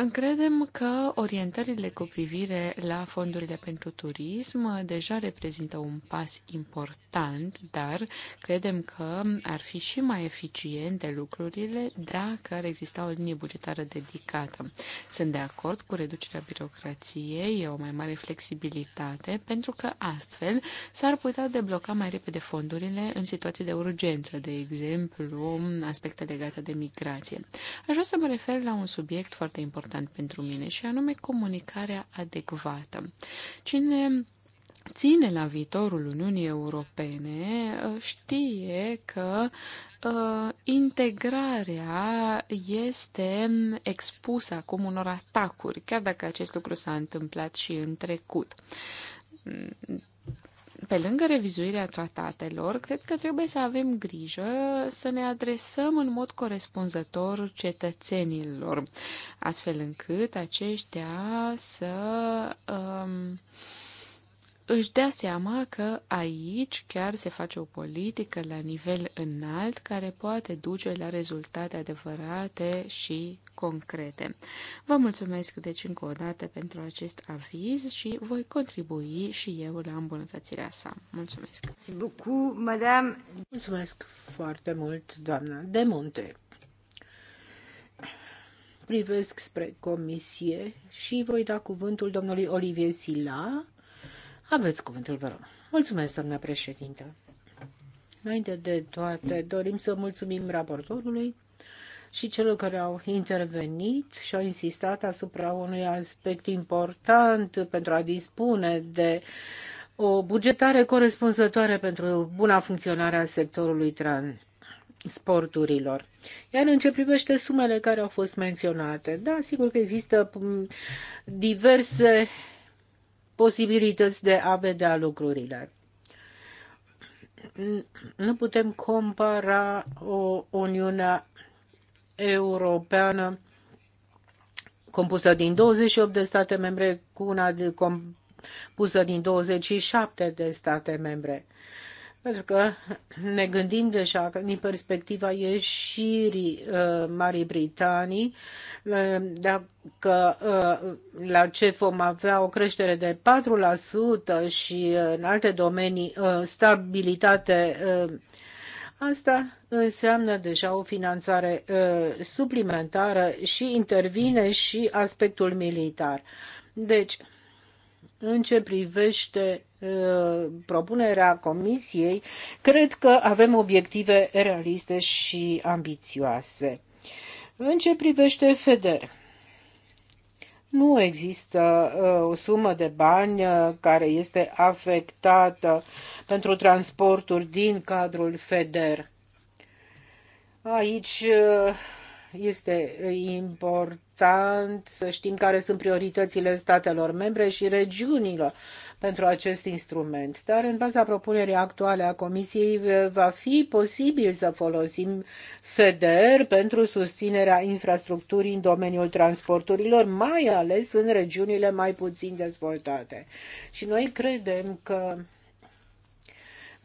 Încredem că orientările cu privire la fondurile pentru turism deja reprezintă un pas important, dar credem că ar fi și mai eficiente lucrurile dacă ar exista o linie bugetară dedicată. Sunt de acord cu reducerea birocrației, o mai mare flexibilitate, pentru că astfel s-ar putea debloca mai repede fondurile în situații de urgență, de exemplu aspecte legate de migrație. Aș vrea să mă refer la un subiect foarte important important pentru mine, și anume comunicarea adecvată. Cine ține la viitorul Uniunii Europene uh, știe că uh, integrarea este expusă acum unor atacuri, chiar dacă acest lucru s-a întâmplat și în trecut pe lângă revizuirea tratatelor, cred că trebuie să avem grijă să ne adresăm în mod corespunzător cetățenilor, astfel încât aceștia să um, își dea seama că aici chiar se face o politică la nivel înalt care poate duce la rezultate adevărate și concrete. Vă mulțumesc deci încă o dată pentru acest aviz și voi contribui și eu la îmbunătățirea sa. Mulțumesc! Mulțumesc foarte mult, doamna de munte! Privesc spre comisie și voi da cuvântul domnului Olivier Sila, aveți cuvântul, vă rog. Mulțumesc, doamna președintă. Înainte de toate, dorim să mulțumim raportorului și celor care au intervenit și au insistat asupra unui aspect important pentru a dispune de o bugetare corespunzătoare pentru buna funcționare a sectorului transporturilor. sporturilor. Iar în ce privește sumele care au fost menționate, da, sigur că există diverse posibilități de a vedea lucrurile. Nu putem compara o Uniune Europeană compusă din 28 de state membre cu una compusă din 27 de state membre. Uh, pentru că ne gândim deja că din perspectiva ieșirii uh, Marii Britanii, uh, dacă uh, la ce vom avea o creștere de 4% și uh, în alte domenii uh, stabilitate, uh, asta înseamnă deja o finanțare uh, suplimentară și intervine și aspectul militar. Deci, în ce privește uh, propunerea Comisiei, cred că avem obiective realiste și ambițioase. În ce privește FEDER, nu există uh, o sumă de bani uh, care este afectată pentru transporturi din cadrul FEDER. Aici este important important să știm care sunt prioritățile statelor membre și regiunilor pentru acest instrument. Dar în baza propunerii actuale a Comisiei eh, va fi posibil să folosim FEDER pentru susținerea infrastructurii în domeniul transporturilor, mai ales în regiunile mai puțin dezvoltate. Și noi credem că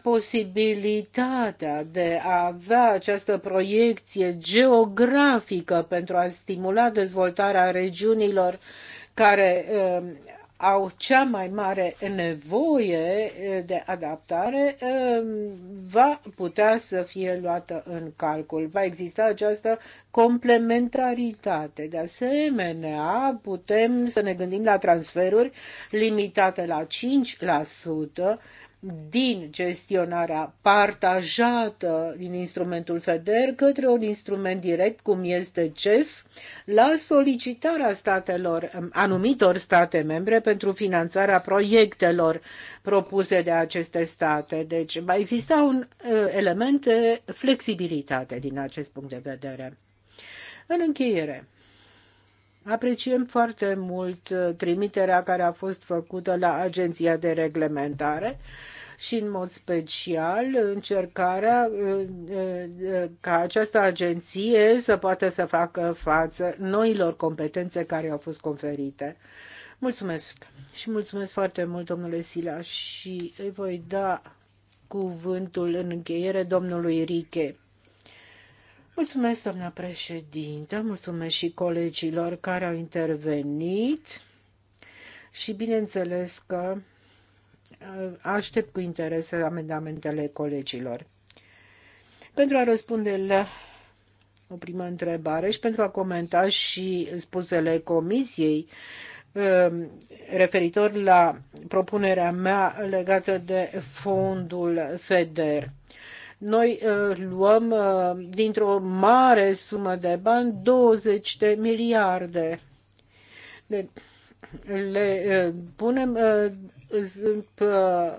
posibilitatea de a avea această proiecție geografică pentru a stimula dezvoltarea regiunilor care uh, au cea mai mare nevoie uh, de adaptare um, va putea să fie luată în calcul. Va exista această complementaritate. De asemenea, putem să ne gândim la transferuri limitate la 5%, din gestionarea partajată din instrumentul FEDER către un instrument direct cum este CEF la solicitarea statelor, anumitor state membre pentru finanțarea proiectelor propuse de aceste state. Deci va exista un uh, element de flexibilitate din acest punct de vedere. În încheiere, Apreciem foarte mult uh, trimiterea care a fost făcută la Agenția de Reglementare și în mod special încercarea uh, uh, ca această agenție să poată să facă față noilor competențe care au fost conferite. Mulțumesc și mulțumesc foarte mult, domnule Sila, și îi voi da cuvântul în încheiere domnului Riche. Mulțumesc, doamna președintă, mulțumesc și colegilor care au intervenit și bineînțeles că uh, aștept cu interes amendamentele colegilor. Pentru a răspunde la o primă întrebare și pentru a comenta și spusele comisiei uh, referitor la propunerea mea legată de fondul FEDER. Noi uh, luăm uh, dintr-o mare sumă de bani 20 de miliarde. De, le uh, punem uh,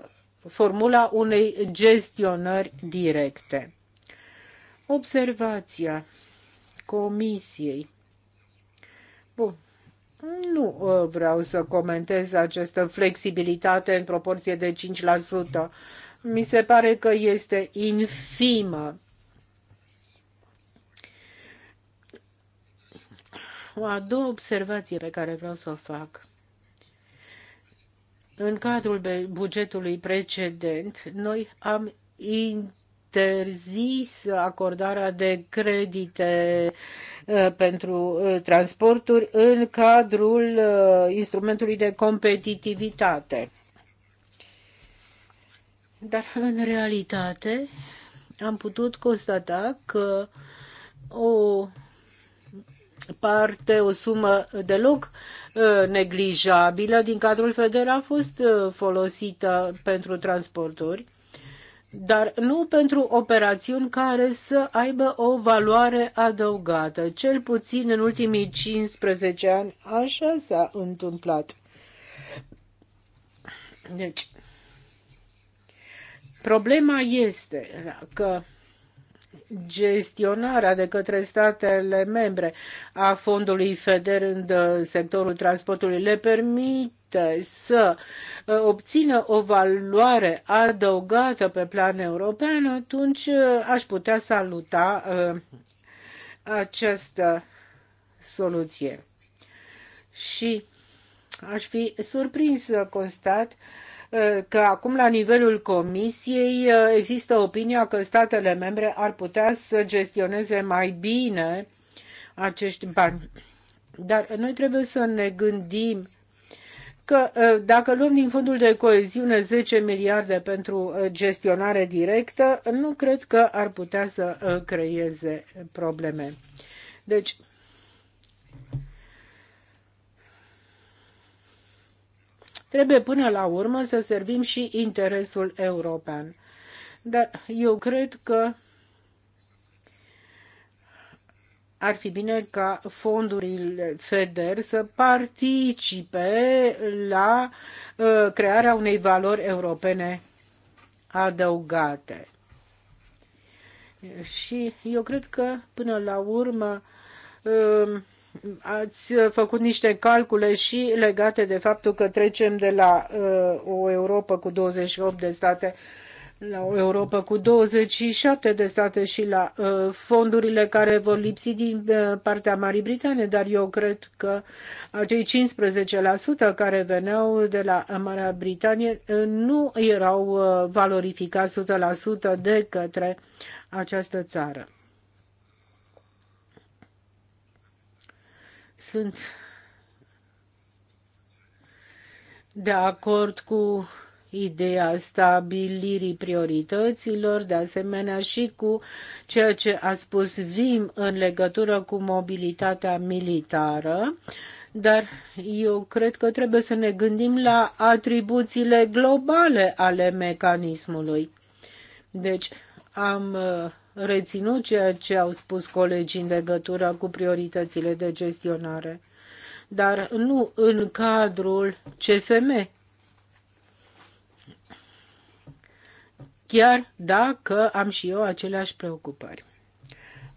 formula unei gestionări directe. Observația Comisiei. Bun. Nu vreau să comentez această flexibilitate în proporție de 5% mi se pare că este infimă. O a doua observație pe care vreau să o fac. În cadrul bugetului precedent, noi am interzis acordarea de credite uh, pentru uh, transporturi în cadrul uh, instrumentului de competitivitate. Dar, în realitate, am putut constata că o parte, o sumă deloc uh, neglijabilă din cadrul FEDER a fost uh, folosită pentru transporturi, dar nu pentru operațiuni care să aibă o valoare adăugată. Cel puțin în ultimii 15 ani așa s-a întâmplat. Deci, Problema este că gestionarea de către statele membre a fondului FEDER în sectorul transportului le permite să uh, obțină o valoare adăugată pe plan european, atunci uh, aș putea saluta uh, această soluție. Și aș fi surprins să constat uh, că acum la nivelul Comisiei uh, există opinia că statele membre ar putea să gestioneze mai bine acești bani. Dar noi trebuie să ne gândim că uh, dacă luăm din fondul de coeziune 10 miliarde pentru uh, gestionare directă, nu cred că ar putea să creeze probleme. Deci, Trebuie până la urmă să servim și interesul european. Dar eu cred că ar fi bine ca fondurile FEDER să participe la uh, crearea unei valori europene adăugate. Și eu cred că, până la urmă, uh, ați făcut niște calcule și legate de faptul că trecem de la uh, o Europa cu 28 de state la o Europa cu 27 de state și la uh, fondurile care vor lipsi din uh, partea Marii Britanii, dar eu cred că acei 15% care veneau de la Marea Britanie uh, nu erau uh, valorificați 100% de către această țară. Sunt de acord cu ideea stabilirii priorităților, de asemenea și cu ceea ce a spus Vim în legătură cu mobilitatea militară, dar eu cred că trebuie să ne gândim la atribuțiile globale ale mecanismului. Deci am reținut ceea ce au spus colegii în legătură cu prioritățile de gestionare, dar nu în cadrul CFM. Chiar dacă am și eu aceleași preocupări.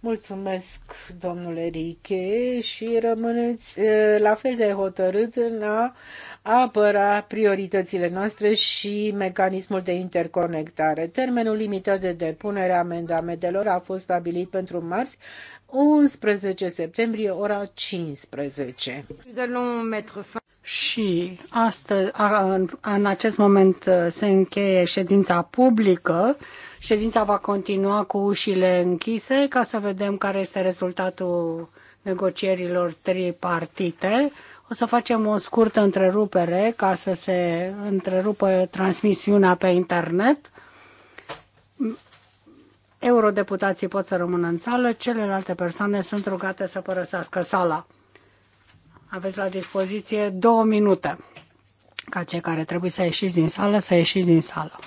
Mulțumesc, domnule Riche, și rămâneți la fel de hotărât în a apăra prioritățile noastre și mecanismul de interconectare. Termenul limită de depunere a amendamentelor a fost stabilit pentru marți, 11 septembrie, ora 15. Și astăzi, în acest moment se încheie ședința publică. Ședința va continua cu ușile închise ca să vedem care este rezultatul negocierilor tripartite. O să facem o scurtă întrerupere ca să se întrerupă transmisiunea pe internet. Eurodeputații pot să rămână în sală, celelalte persoane sunt rugate să părăsească sala. Aveți la dispoziție două minute ca cei care trebuie să ieșiți din sală, să ieșiți din sală.